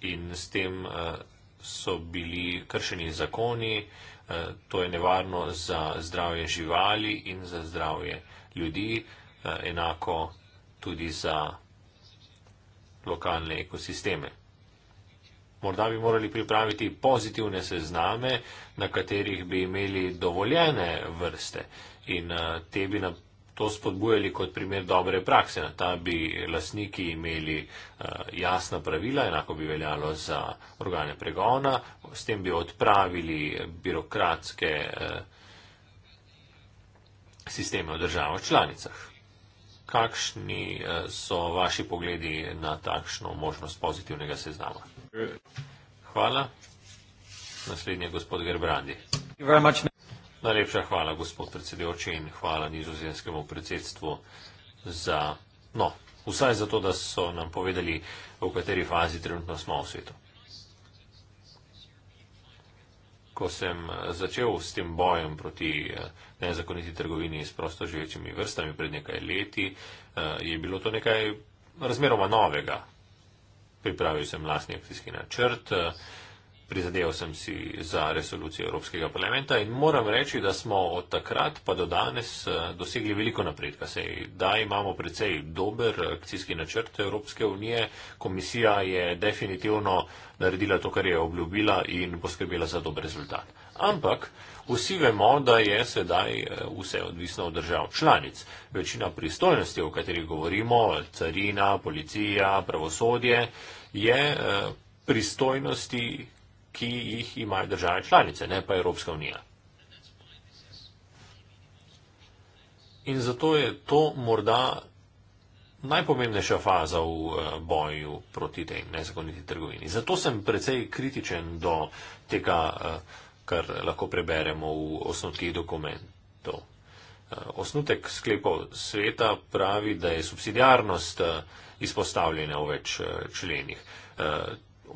in s tem eh, so bili kršeni zakoni, to je nevarno za zdravje živali in za zdravje ljudi, enako tudi za lokalne ekosisteme. Morda bi morali pripraviti pozitivne sezname, na katerih bi imeli dovoljene vrste in eh, te bi na to spodbujali kot primer dobre prakse. Na ta bi lasniki imeli eh, jasna pravila, enako bi veljalo za organe pregona, s tem bi odpravili birokratske eh, sisteme v državah članicah kakšni eh, so vaši pogledi na takšno možnost pozitivnega seznama? Hvala. Naslednji je gospod Gerbrandi. Najlepša hvala, gospod predsedujoči, in hvala nizozemskemu predsedstvu za, no, vsaj za to, da so nam povedali, v kateri fazi trenutno smo v svetu. ko sem eh, začel s tem bojem proti eh, nezakoniti trgovini s prostoživečimi vrstami pred nekaj leti, eh, je bilo to nekaj razmeroma novega. Pripravil sem lastni akcijski načrt prizadeval sem si za resolucijo Evropskega parlamenta in moram reči, da smo od takrat pa do danes eh, dosegli veliko napredka. Sej, da imamo precej dober akcijski načrt Evropske unije, komisija je definitivno naredila to, kar je obljubila in poskrbela za dober rezultat. Ampak vsi vemo, da je sedaj eh, vse odvisno od držav članic. Večina pristojnosti, o katerih govorimo, carina, policija, pravosodje, je eh, pristojnosti ki jih imajo države članice, ne pa Evropska unija. In zato je to morda najpomembnejša faza v eh, boju proti tej nezakoniti trgovini. Zato sem precej kritičen do tega, eh, kar lahko preberemo v osnutkih dokumentov. Eh, osnutek sklepov sveta pravi, da je subsidijarnost izpostavljena v več členih.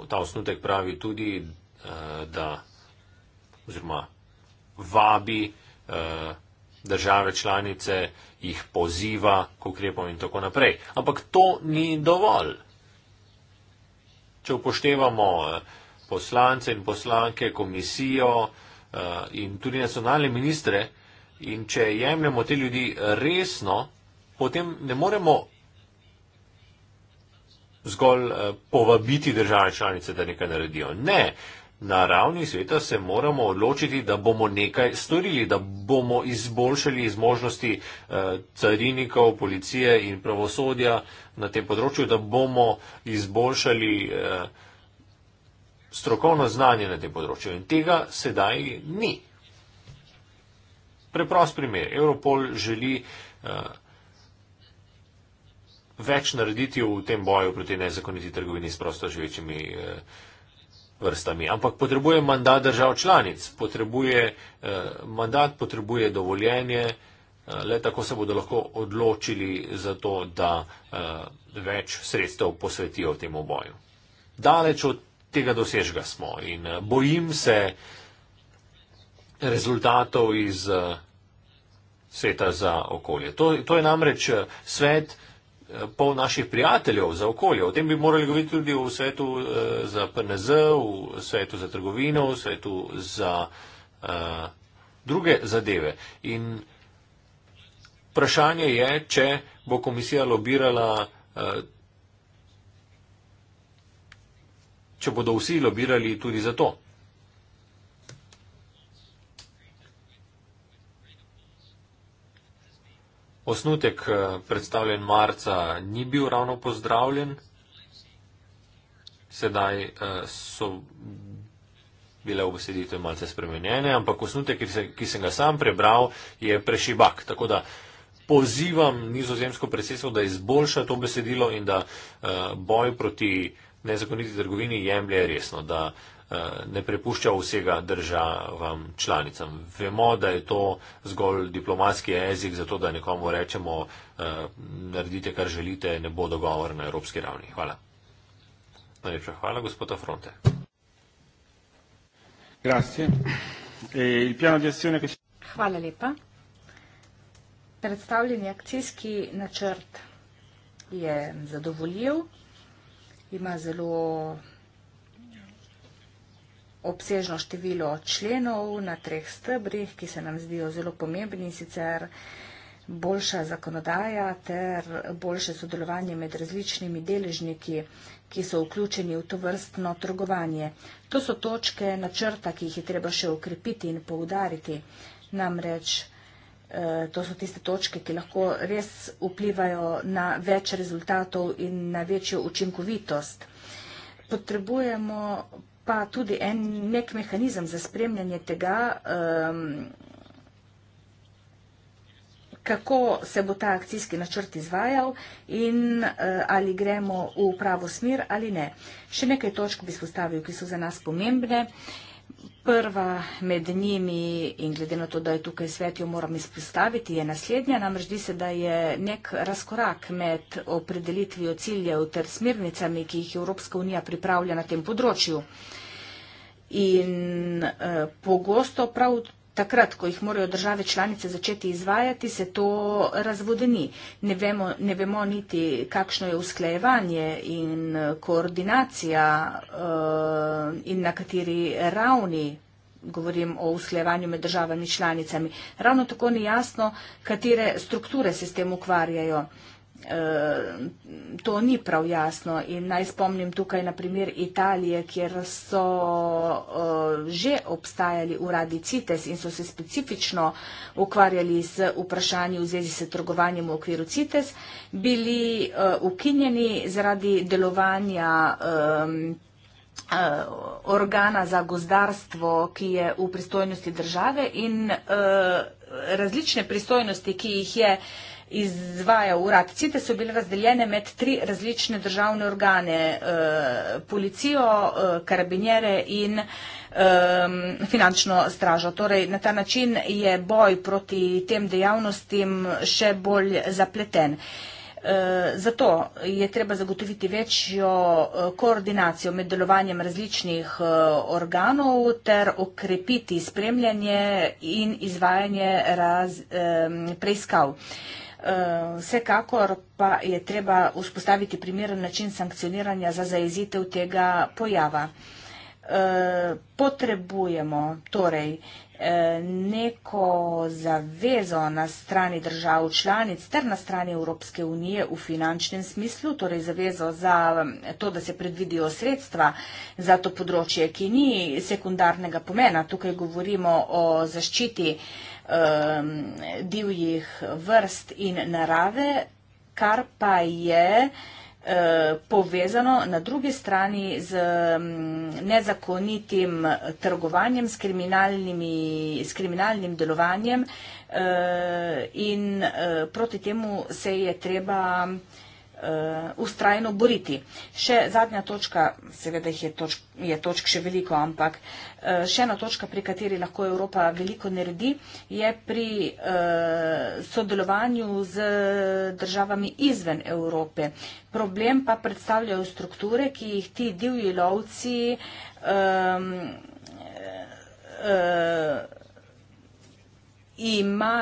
Ta osnutek pravi tudi, uh, da oziroma vabi uh, države članice, jih poziva k ukrepom in tako naprej. Ampak to ni dovolj. Če upoštevamo eh, poslance in poslanke, komisijo uh, in tudi nacionalne ministre in če jemljemo te ljudi resno, potem ne moremo zgolj uh, povabiti države članice, da nekaj naredijo. Ne, uh, Na ravni sveta se moramo odločiti, da bomo nekaj storili, da bomo izboljšali zmožnosti eh, carinikov, policije in pravosodja na tem področju, da bomo izboljšali eh, strokovno znanje na tem področju. In tega sedaj ni. Preprost primer. Europol želi eh, več narediti v tem boju proti nezakoniti trgovini s prostoživečimi. Eh, vrstami, ampak potrebuje mandat držav članic, potrebuje eh, mandat, potrebuje dovoljenje, eh, le tako se bodo lahko odločili za to, da eh, več sredstev posvetijo temu boju. Daleč od tega dosežga smo in eh, bojim se rezultatov iz eh, sveta za okolje. To, to je namreč eh, svet, eh, pol naših prijateljev za okolje. O tem bi morali govoriti tudi v svetu eh, za PNZ, v svetu za trgovino, v svetu za uh, druge zadeve. In vprašanje je, če bo komisija lobirala, uh, če bodo vsi lobirali tudi za to. Osnutek eh, predstavljen marca ni bil ravno pozdravljen, sedaj eh, so bile v beseditve malce spremenjene, ampak osnutek, ki, se, ki sem ga sam prebral, je prešibak. Tako da pozivam nizozemsko predsedstvo, da izboljša to besedilo in da eh, boj proti nezakoniti trgovini jemlje resno, da uh, Eh, ne prepušča vsega državam članicam. Vemo, da je to zgolj diplomatski jezik, zato da nekomu rečemo, eh, naredite, kar želite, ne bo dogovor na evropski ravni. Hvala. Najlepša hvala, gospod Afronte. E, hvala lepa. Predstavljeni akcijski načrt je zadovoljiv, ima zelo obsežno število členov na treh stebrih, ki se nam zdijo zelo pomembni in sicer boljša zakonodaja ter boljše sodelovanje med različnimi deležniki, ki so vključeni v to vrstno trgovanje. To so točke načrta, ki jih je treba še ukrepiti in poudariti. Namreč eh, to so tiste točke, ki lahko res vplivajo na več rezultatov in na večjo učinkovitost. Potrebujemo pa tudi en nek mehanizem za spremljanje tega, um, kako se bo ta akcijski načrt izvajal in uh, ali gremo v pravo smer ali ne. Še nekaj točk bi spostavil, ki so za nas pomembne. Prva med njimi in glede na to, da je tukaj svet, jo moram izpostaviti, je naslednja. Namreč di se, da je nek razkorak med opredelitvijo ciljev ter smernicami, ki jih Evropska unija pripravlja na tem področju. Uh, In uh, pogosto prav takrat, ko jih morajo države članice začeti izvajati, se to razvodeni. Ne vemo, ne vemo niti, kakšno je usklejevanje in eh, koordinacija uh, in na kateri ravni govorim o usklejevanju med državami članicami. Ravno tako ni jasno, katere strukture se s tem ukvarjajo. Uh, Eh, to ni prav jasno. In naj spomnim tukaj na primer Italije, kjer so eh, že obstajali uradi CITES in so se specifično ukvarjali z vprašanji v zvezi s trgovanjem v okviru CITES, bili eh, ukinjeni zaradi delovanja organa za gozdarstvo, ki je v pristojnosti države in uh, različne pristojnosti, ki jih je uh, izvaja urad. CITES so bile razdeljene med tri različne državne organe, eh, policijo, eh, karabinjere in ehm, finančno stražo. Torej, na ta način je boj proti tem dejavnostim še bolj zapleten. Eh, zato je treba zagotoviti večjo koordinacijo med delovanjem različnih organov ter okrepiti spremljanje in izvajanje raz, ehm, preiskav. Eh, vsekakor pa je treba vzpostaviti primeren način sankcioniranja za zaezitev tega pojava. Eh, potrebujemo torej eh, neko zavezo na strani držav članic ter na strani Evropske unije v finančnem smislu, torej zavezo za mm, to, da se predvidijo sredstva za to področje, ki ni sekundarnega pomena. Tukaj govorimo o zaščiti uh, um, divjih vrst in narave, kar pa je uh, povezano na drugi strani z um, nezakonitim trgovanjem, s, s kriminalnim delovanjem uh, in uh, proti temu se je treba ustrajno boriti. Še zadnja točka, seveda je točk, je točk še veliko, ampak uh, Eh, še ena točka, pri kateri lahko Evropa veliko naredi, je pri eh, sodelovanju z državami izven Evrope. Problem pa predstavljajo strukture, ki jih ti divji lovci um, um, ima.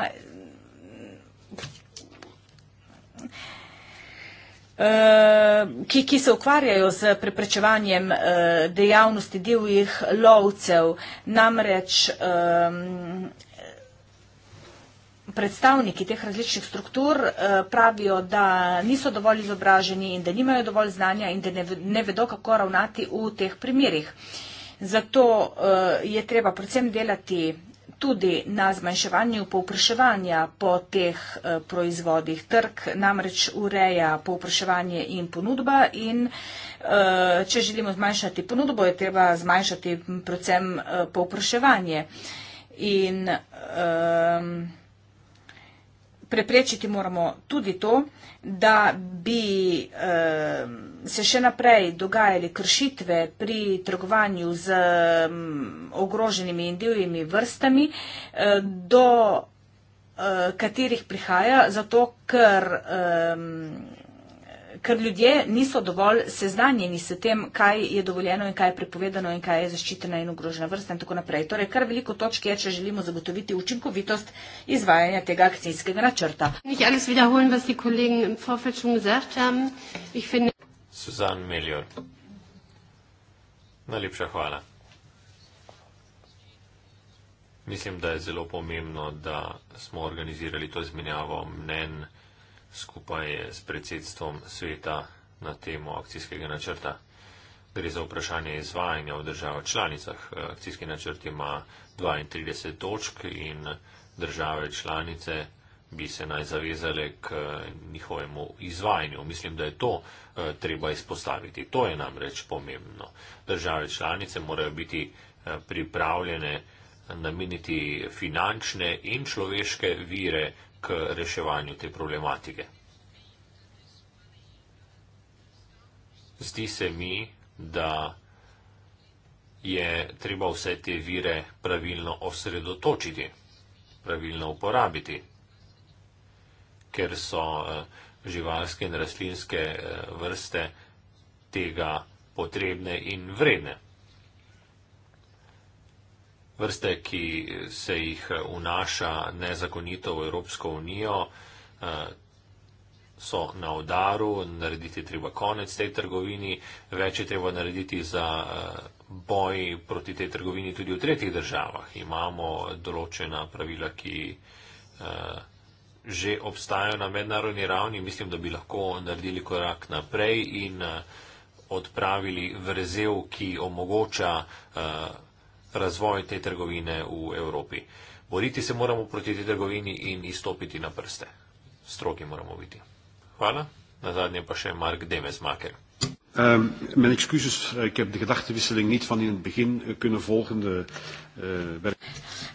Eh, ki, ki se ukvarjajo z preprečevanjem eh, dejavnosti divjih lovcev. Namreč predstavniki teh različnih struktur eh, pravijo, da niso dovolj izobraženi in da nimajo dovolj znanja in da ne vedo, kako ravnati v teh primerih. Zato je treba predvsem delati tudi na zmanjševanju povpraševanja po teh eh, proizvodih. Trg namreč ureja povpraševanje in ponudba in eh, če želimo zmanjšati ponudbo, je treba zmanjšati predvsem eh, povpraševanje. In, um, preprečiti moramo tudi to, da bi ehm, se še naprej dogajali kršitve pri trgovanju z ehm, ogroženimi in divjimi vrstami, eh, do eh, katerih prihaja, zato ker ehm, ker ljudje niso dovolj seznanjeni s tem, kaj je dovoljeno in kaj je prepovedano in kaj je zaščitena in ogrožena vrsta in tako naprej. Torej, kar veliko točk je, če želimo zagotoviti učinkovitost izvajanja tega akcijskega načrta. Suzan Melior. Najlepša hvala. Mislim, da je zelo pomembno, da smo organizirali to izmenjavo mnen skupaj s predsedstvom sveta na temo akcijskega načrta. Gre za vprašanje izvajanja v državah članicah. Akcijski načrt ima 32 točk in države članice bi se naj zavezale k njihovemu izvajanju. Mislim, da je to eh, treba izpostaviti. To je namreč pomembno. Države članice morajo biti eh, pripravljene nameniti finančne in človeške vire k reševanju te problematike. Zdi se mi, da je treba vse te vire pravilno osredotočiti, pravilno uporabiti, ker so eh, živalske in rastlinske eh, vrste tega potrebne in vredne vrste, ki se jih unaša eh, nezakonito v Evropsko unijo, eh, so na odaru, narediti treba konec tej trgovini, več je treba narediti za eh, boj proti tej trgovini tudi v tretjih državah. Imamo določena pravila, ki že obstajajo na mednarodni ravni, mislim, da bi lahko naredili korak naprej in odpravili vrzel, ki omogoča uh, razvoj te trgovine v Evropi. Boriti se moramo proti tej trgovini in izstopiti na prste. Stroki moramo biti. Hvala. Na zadnje pa še Mark Demesmaker. Um, mijn excuses, ik heb de gedachtenwisseling niet van in het begin kunnen volgen. Eh,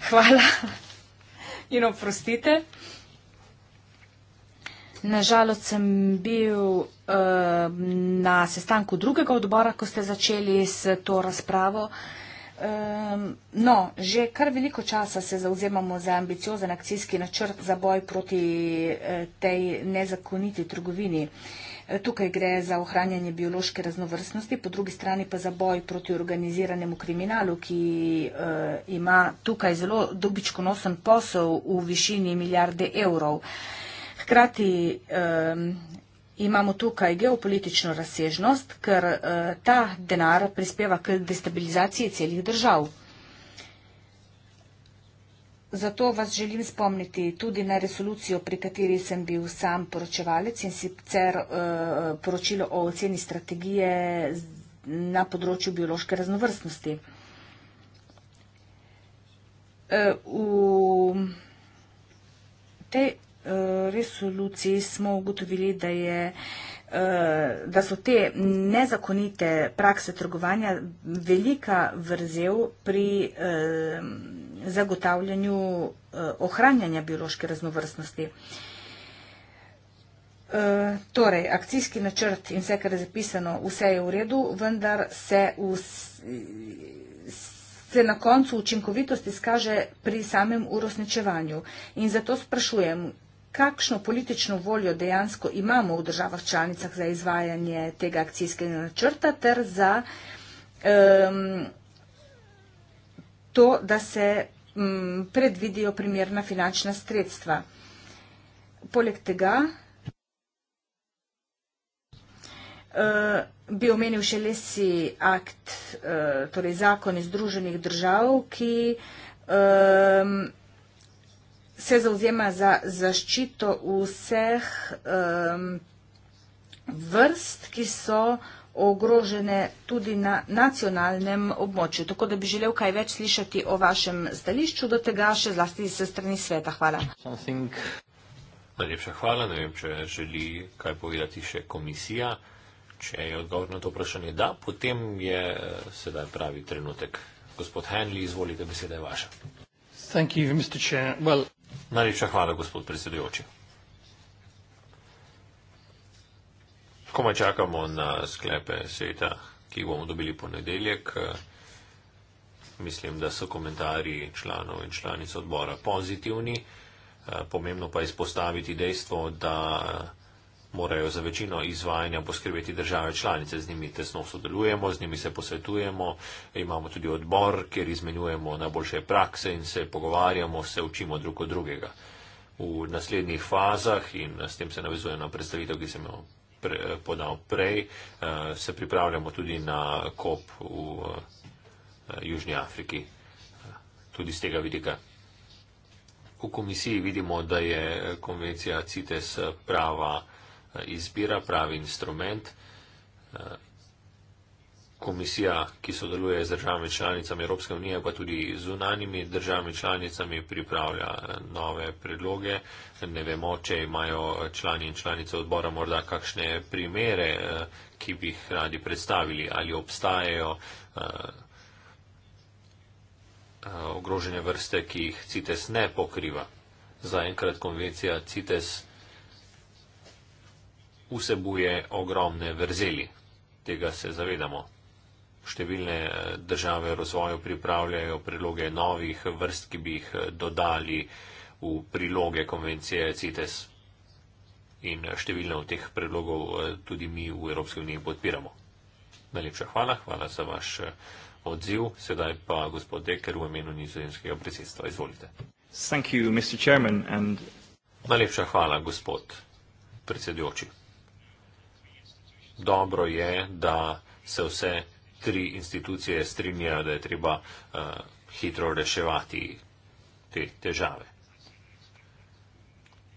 Hvala. Uh, in oprostite. Nažalost sem bil uh, na sestanku drugega odbora, ko ste začeli s to razpravo. Uh, Ehm, no, že kar veliko časa se zauzemamo za ambiciozen akcijski načrt za boj proti eh, tej nezakoniti trgovini. Eh, tukaj gre za ohranjanje biološke raznovrstnosti, po drugi strani pa za boj proti organiziranemu kriminalu, ki eh, ima tukaj zelo dobičkonosen posel v višini milijarde evrov. Hkrati ehm, imamo tukaj geopolitično razsežnost, ker eh, ta denar prispeva k destabilizaciji celih držav. Zato vas želim spomniti tudi na resolucijo, pri kateri sem bil sam poročevalec in sicer eh, poročilo o oceni strategije na področju biološke raznovrstnosti. Eh, v tej resoluciji smo ugotovili, da, je, eh, da so te nezakonite prakse trgovanja velika vrzel pri eh, zagotavljanju eh, ohranjanja biološke raznovrstnosti. Torej, akcijski načrt in vse, kar je zapisano, vse je v redu, vendar se, v, se na koncu učinkovitost izkaže pri samem uresničevanju. In zato sprašujem, kakšno politično voljo dejansko imamo v državah članicah za izvajanje tega akcijskega načrta ter za um, to, da se um, predvidijo primerna finančna sredstva. Poleg tega uh, bi omenil še lesi akt, uh, torej zakon iz druženih držav, ki um, se zauzema za zaščito vseh um, vrst, ki so ogrožene tudi na nacionalnem območju. Tako da bi želel kaj več slišati o vašem stališču do tega, še zlasti iz strani sveta. Hvala. Think... Najlepša hvala. Ne vem, če želi kaj povedati še komisija. Če je odgovor na to vprašanje da, potem je eh, sedaj pravi trenutek. Gospod Henley, izvolite, beseda je vaša. Thank you, Mr. Chair. Well, Najlepša hvala, gospod predsedujoči. Komaj čakamo na sklepe sveta, ki jih bomo dobili ponedeljek. Mislim, da so komentarji članov in članic odbora pozitivni. Pomembno pa je izpostaviti dejstvo, da morajo za večino izvajanja poskrbeti države članice. Z njimi tesno sodelujemo, z njimi se posvetujemo, imamo tudi odbor, kjer izmenjujemo najboljše prakse in se pogovarjamo, se učimo drug od drugega. V naslednjih fazah in s tem se navezujem na predstavitev, ki sem jo pre, podal prej, eh, se pripravljamo tudi na kop v eh, Južnji Afriki, tudi z tega vidika. V komisiji vidimo, da je konvencija CITES prava izbira pravi instrument. Komisija, ki sodeluje z državami članicami Evropske unije, pa tudi zunanimi državami članicami, pripravlja eh, nove predloge. Ne vemo, če imajo člani in članice odbora morda kakšne primere, eh, ki bi jih radi predstavili, ali obstajajo eh, ogrožene vrste, ki jih CITES ne pokriva. Zaenkrat konvencija CITES vsebuje ogromne vrzeli. Tega se zavedamo. Številne eh, države v razvoju pripravljajo priloge novih vrst, ki bi jih eh, dodali v priloge konvencije CITES. In eh, številne od teh predlogov tudi mi v Evropski uniji podpiramo. Najlepša hvala, hvala za vaš odziv. Sedaj pa gospod Deker v imenu nizozemskega predsedstva. Izvolite. You, and... Najlepša hvala, gospod predsedujoči dobro je, da se vse tri institucije strinjajo, da je treba uh, hitro reševati te težave.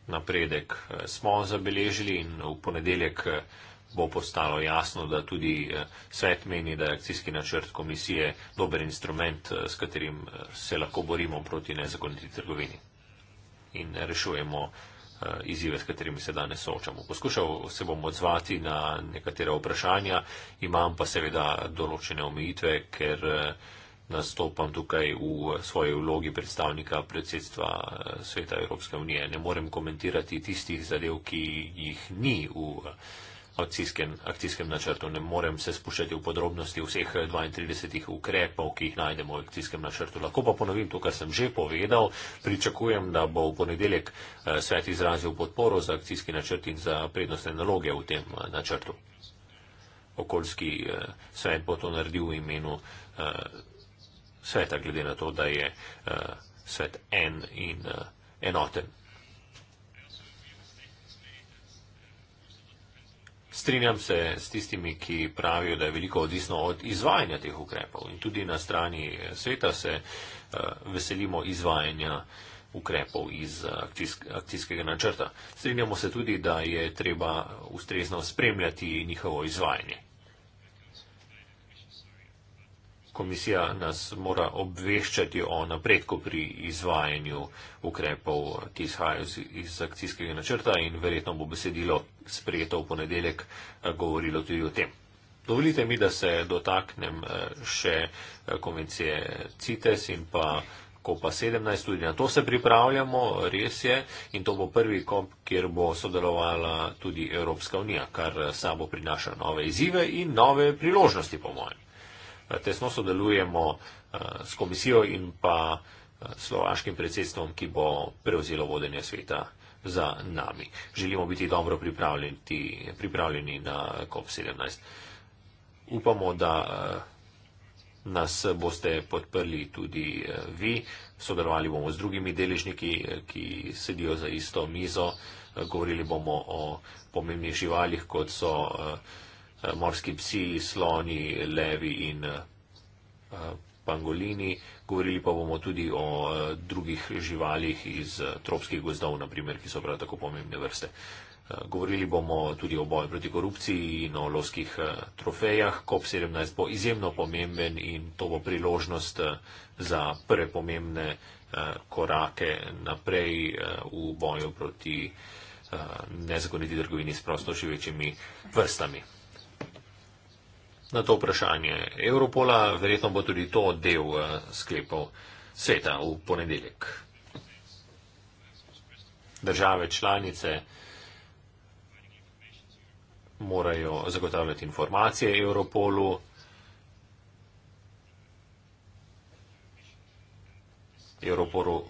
Napredek eh, smo zabeležili in v ponedeljek eh, bo postalo jasno, da tudi svet meni, da je akcijski načrt komisije dober instrument, s katerim se lahko borimo proti nezakoniti trgovini in rešujemo. Eh, izzive, s katerimi se danes soočamo. Poskušal se bom odzvati na nekatera vprašanja, imam pa seveda določene omejitve, ker eh, nastopam tukaj v eh, svoji vlogi predstavnika predsedstva Sveta Evropske unije. Ne morem komentirati tistih zadev, ki jih ni v akcijskem, akcijskem načrtu. Ne morem se spuščati v podrobnosti vseh 32 ukrepov, ki jih najdemo v akcijskem načrtu. Lahko pa ponovim to, kar sem že povedal. Pričakujem, da bo v ponedeljek eh, svet izrazil podporo za akcijski načrt in za prednostne naloge v tem eh, načrtu. Okoljski eh, svet bo to naredil v imenu sveta, glede na to, da je svet en in enoten. Strinjam se s tistimi, ki pravijo, da je veliko odvisno od izvajanja teh ukrepov. In tudi na strani eh, sveta se eh, veselimo izvajanja ukrepov iz eh, akcijskega načrta. Strinjamo se tudi, da je treba ustrezno spremljati njihovo izvajanje. komisija nas mora obveščati o napredku pri izvajanju ukrepov, ki izhajajo iz, iz akcijskega načrta in verjetno bo besedilo sprejeto v ponedeljek eh, govorilo tudi o tem. Dovolite mi, da se dotaknem eh, še eh, konvencije CITES in pa COPA 17. Tudi na to se pripravljamo, res je, in to bo prvi COP, kjer bo sodelovala tudi Evropska unija, kar sabo prinaša nove izzive in nove priložnosti, po mojem. Eh, tesno sodelujemo eh, s komisijo in pa eh, slovaškim predsedstvom, ki bo prevzelo vodenje sveta za nami. Želimo biti dobro pripravljeni, pripravljeni na COP17. Upamo, da nas boste podprli tudi vi. Sodelovali bomo z drugimi deležniki, ki sedijo za isto mizo. Govorili bomo o pomembnih živalih, kot so. Uh, Eh, morski psi, sloni, levi in eh, pangolini. Govorili pa bomo tudi o eh, drugih živalih iz tropskih gozdov, naprimer, ki so prav tako pomembne vrste. Govorili bomo tudi o boju proti korupciji in o lovskih trofejah. COP17 bo izjemno pomemben in to bo priložnost za prve pomembne korake naprej v boju proti nezakoniti trgovini s prostoživečimi vrstami na to vprašanje Evropola, verjetno bo tudi to del eh, sklepov sveta v ponedeljek. Države članice morajo zagotavljati informacije Evropolu. Evropolu,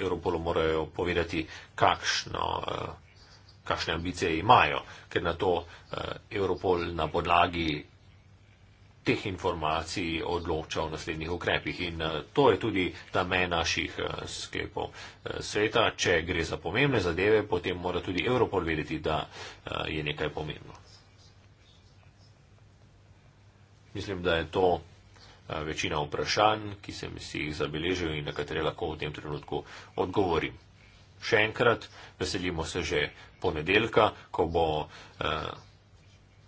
Evropolu eh, morajo povedati, kakšno, eh, kakšne ambicije imajo, ker na to Evropol na podlagi teh informacij odloča o naslednjih ukrepih. In eh, to je tudi namen naših eh, sklepov eh, sveta. Če gre za pomembne zadeve, potem mora tudi Evropol vedeti, da je nekaj pomembno. Mislim, da je to večina vprašanj, ki sem si jih zabeležil in na katere lahko v tem trenutku odgovorim. Še enkrat, veselimo se že ponedeljka, ko bo eh,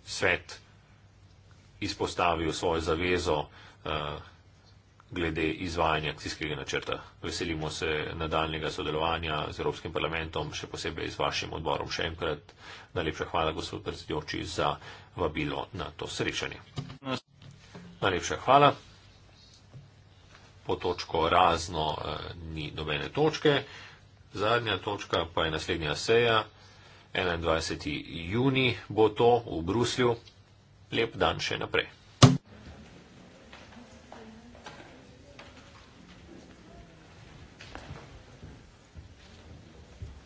svet izpostavil svojo zavezo eh, glede izvajanja akcijskega načrta. Veselimo se nadaljnega sodelovanja z Evropskim parlamentom, še posebej z vašim odborom. Še enkrat najlepša hvala, gospod predsedujoči, za vabilo na to srečanje. Najlepša hvala. Po točko razno eh, ni dobene točke. Zadnja točka pa je naslednja seja. 21. juni bo to v Bruslju lep dan še naprej.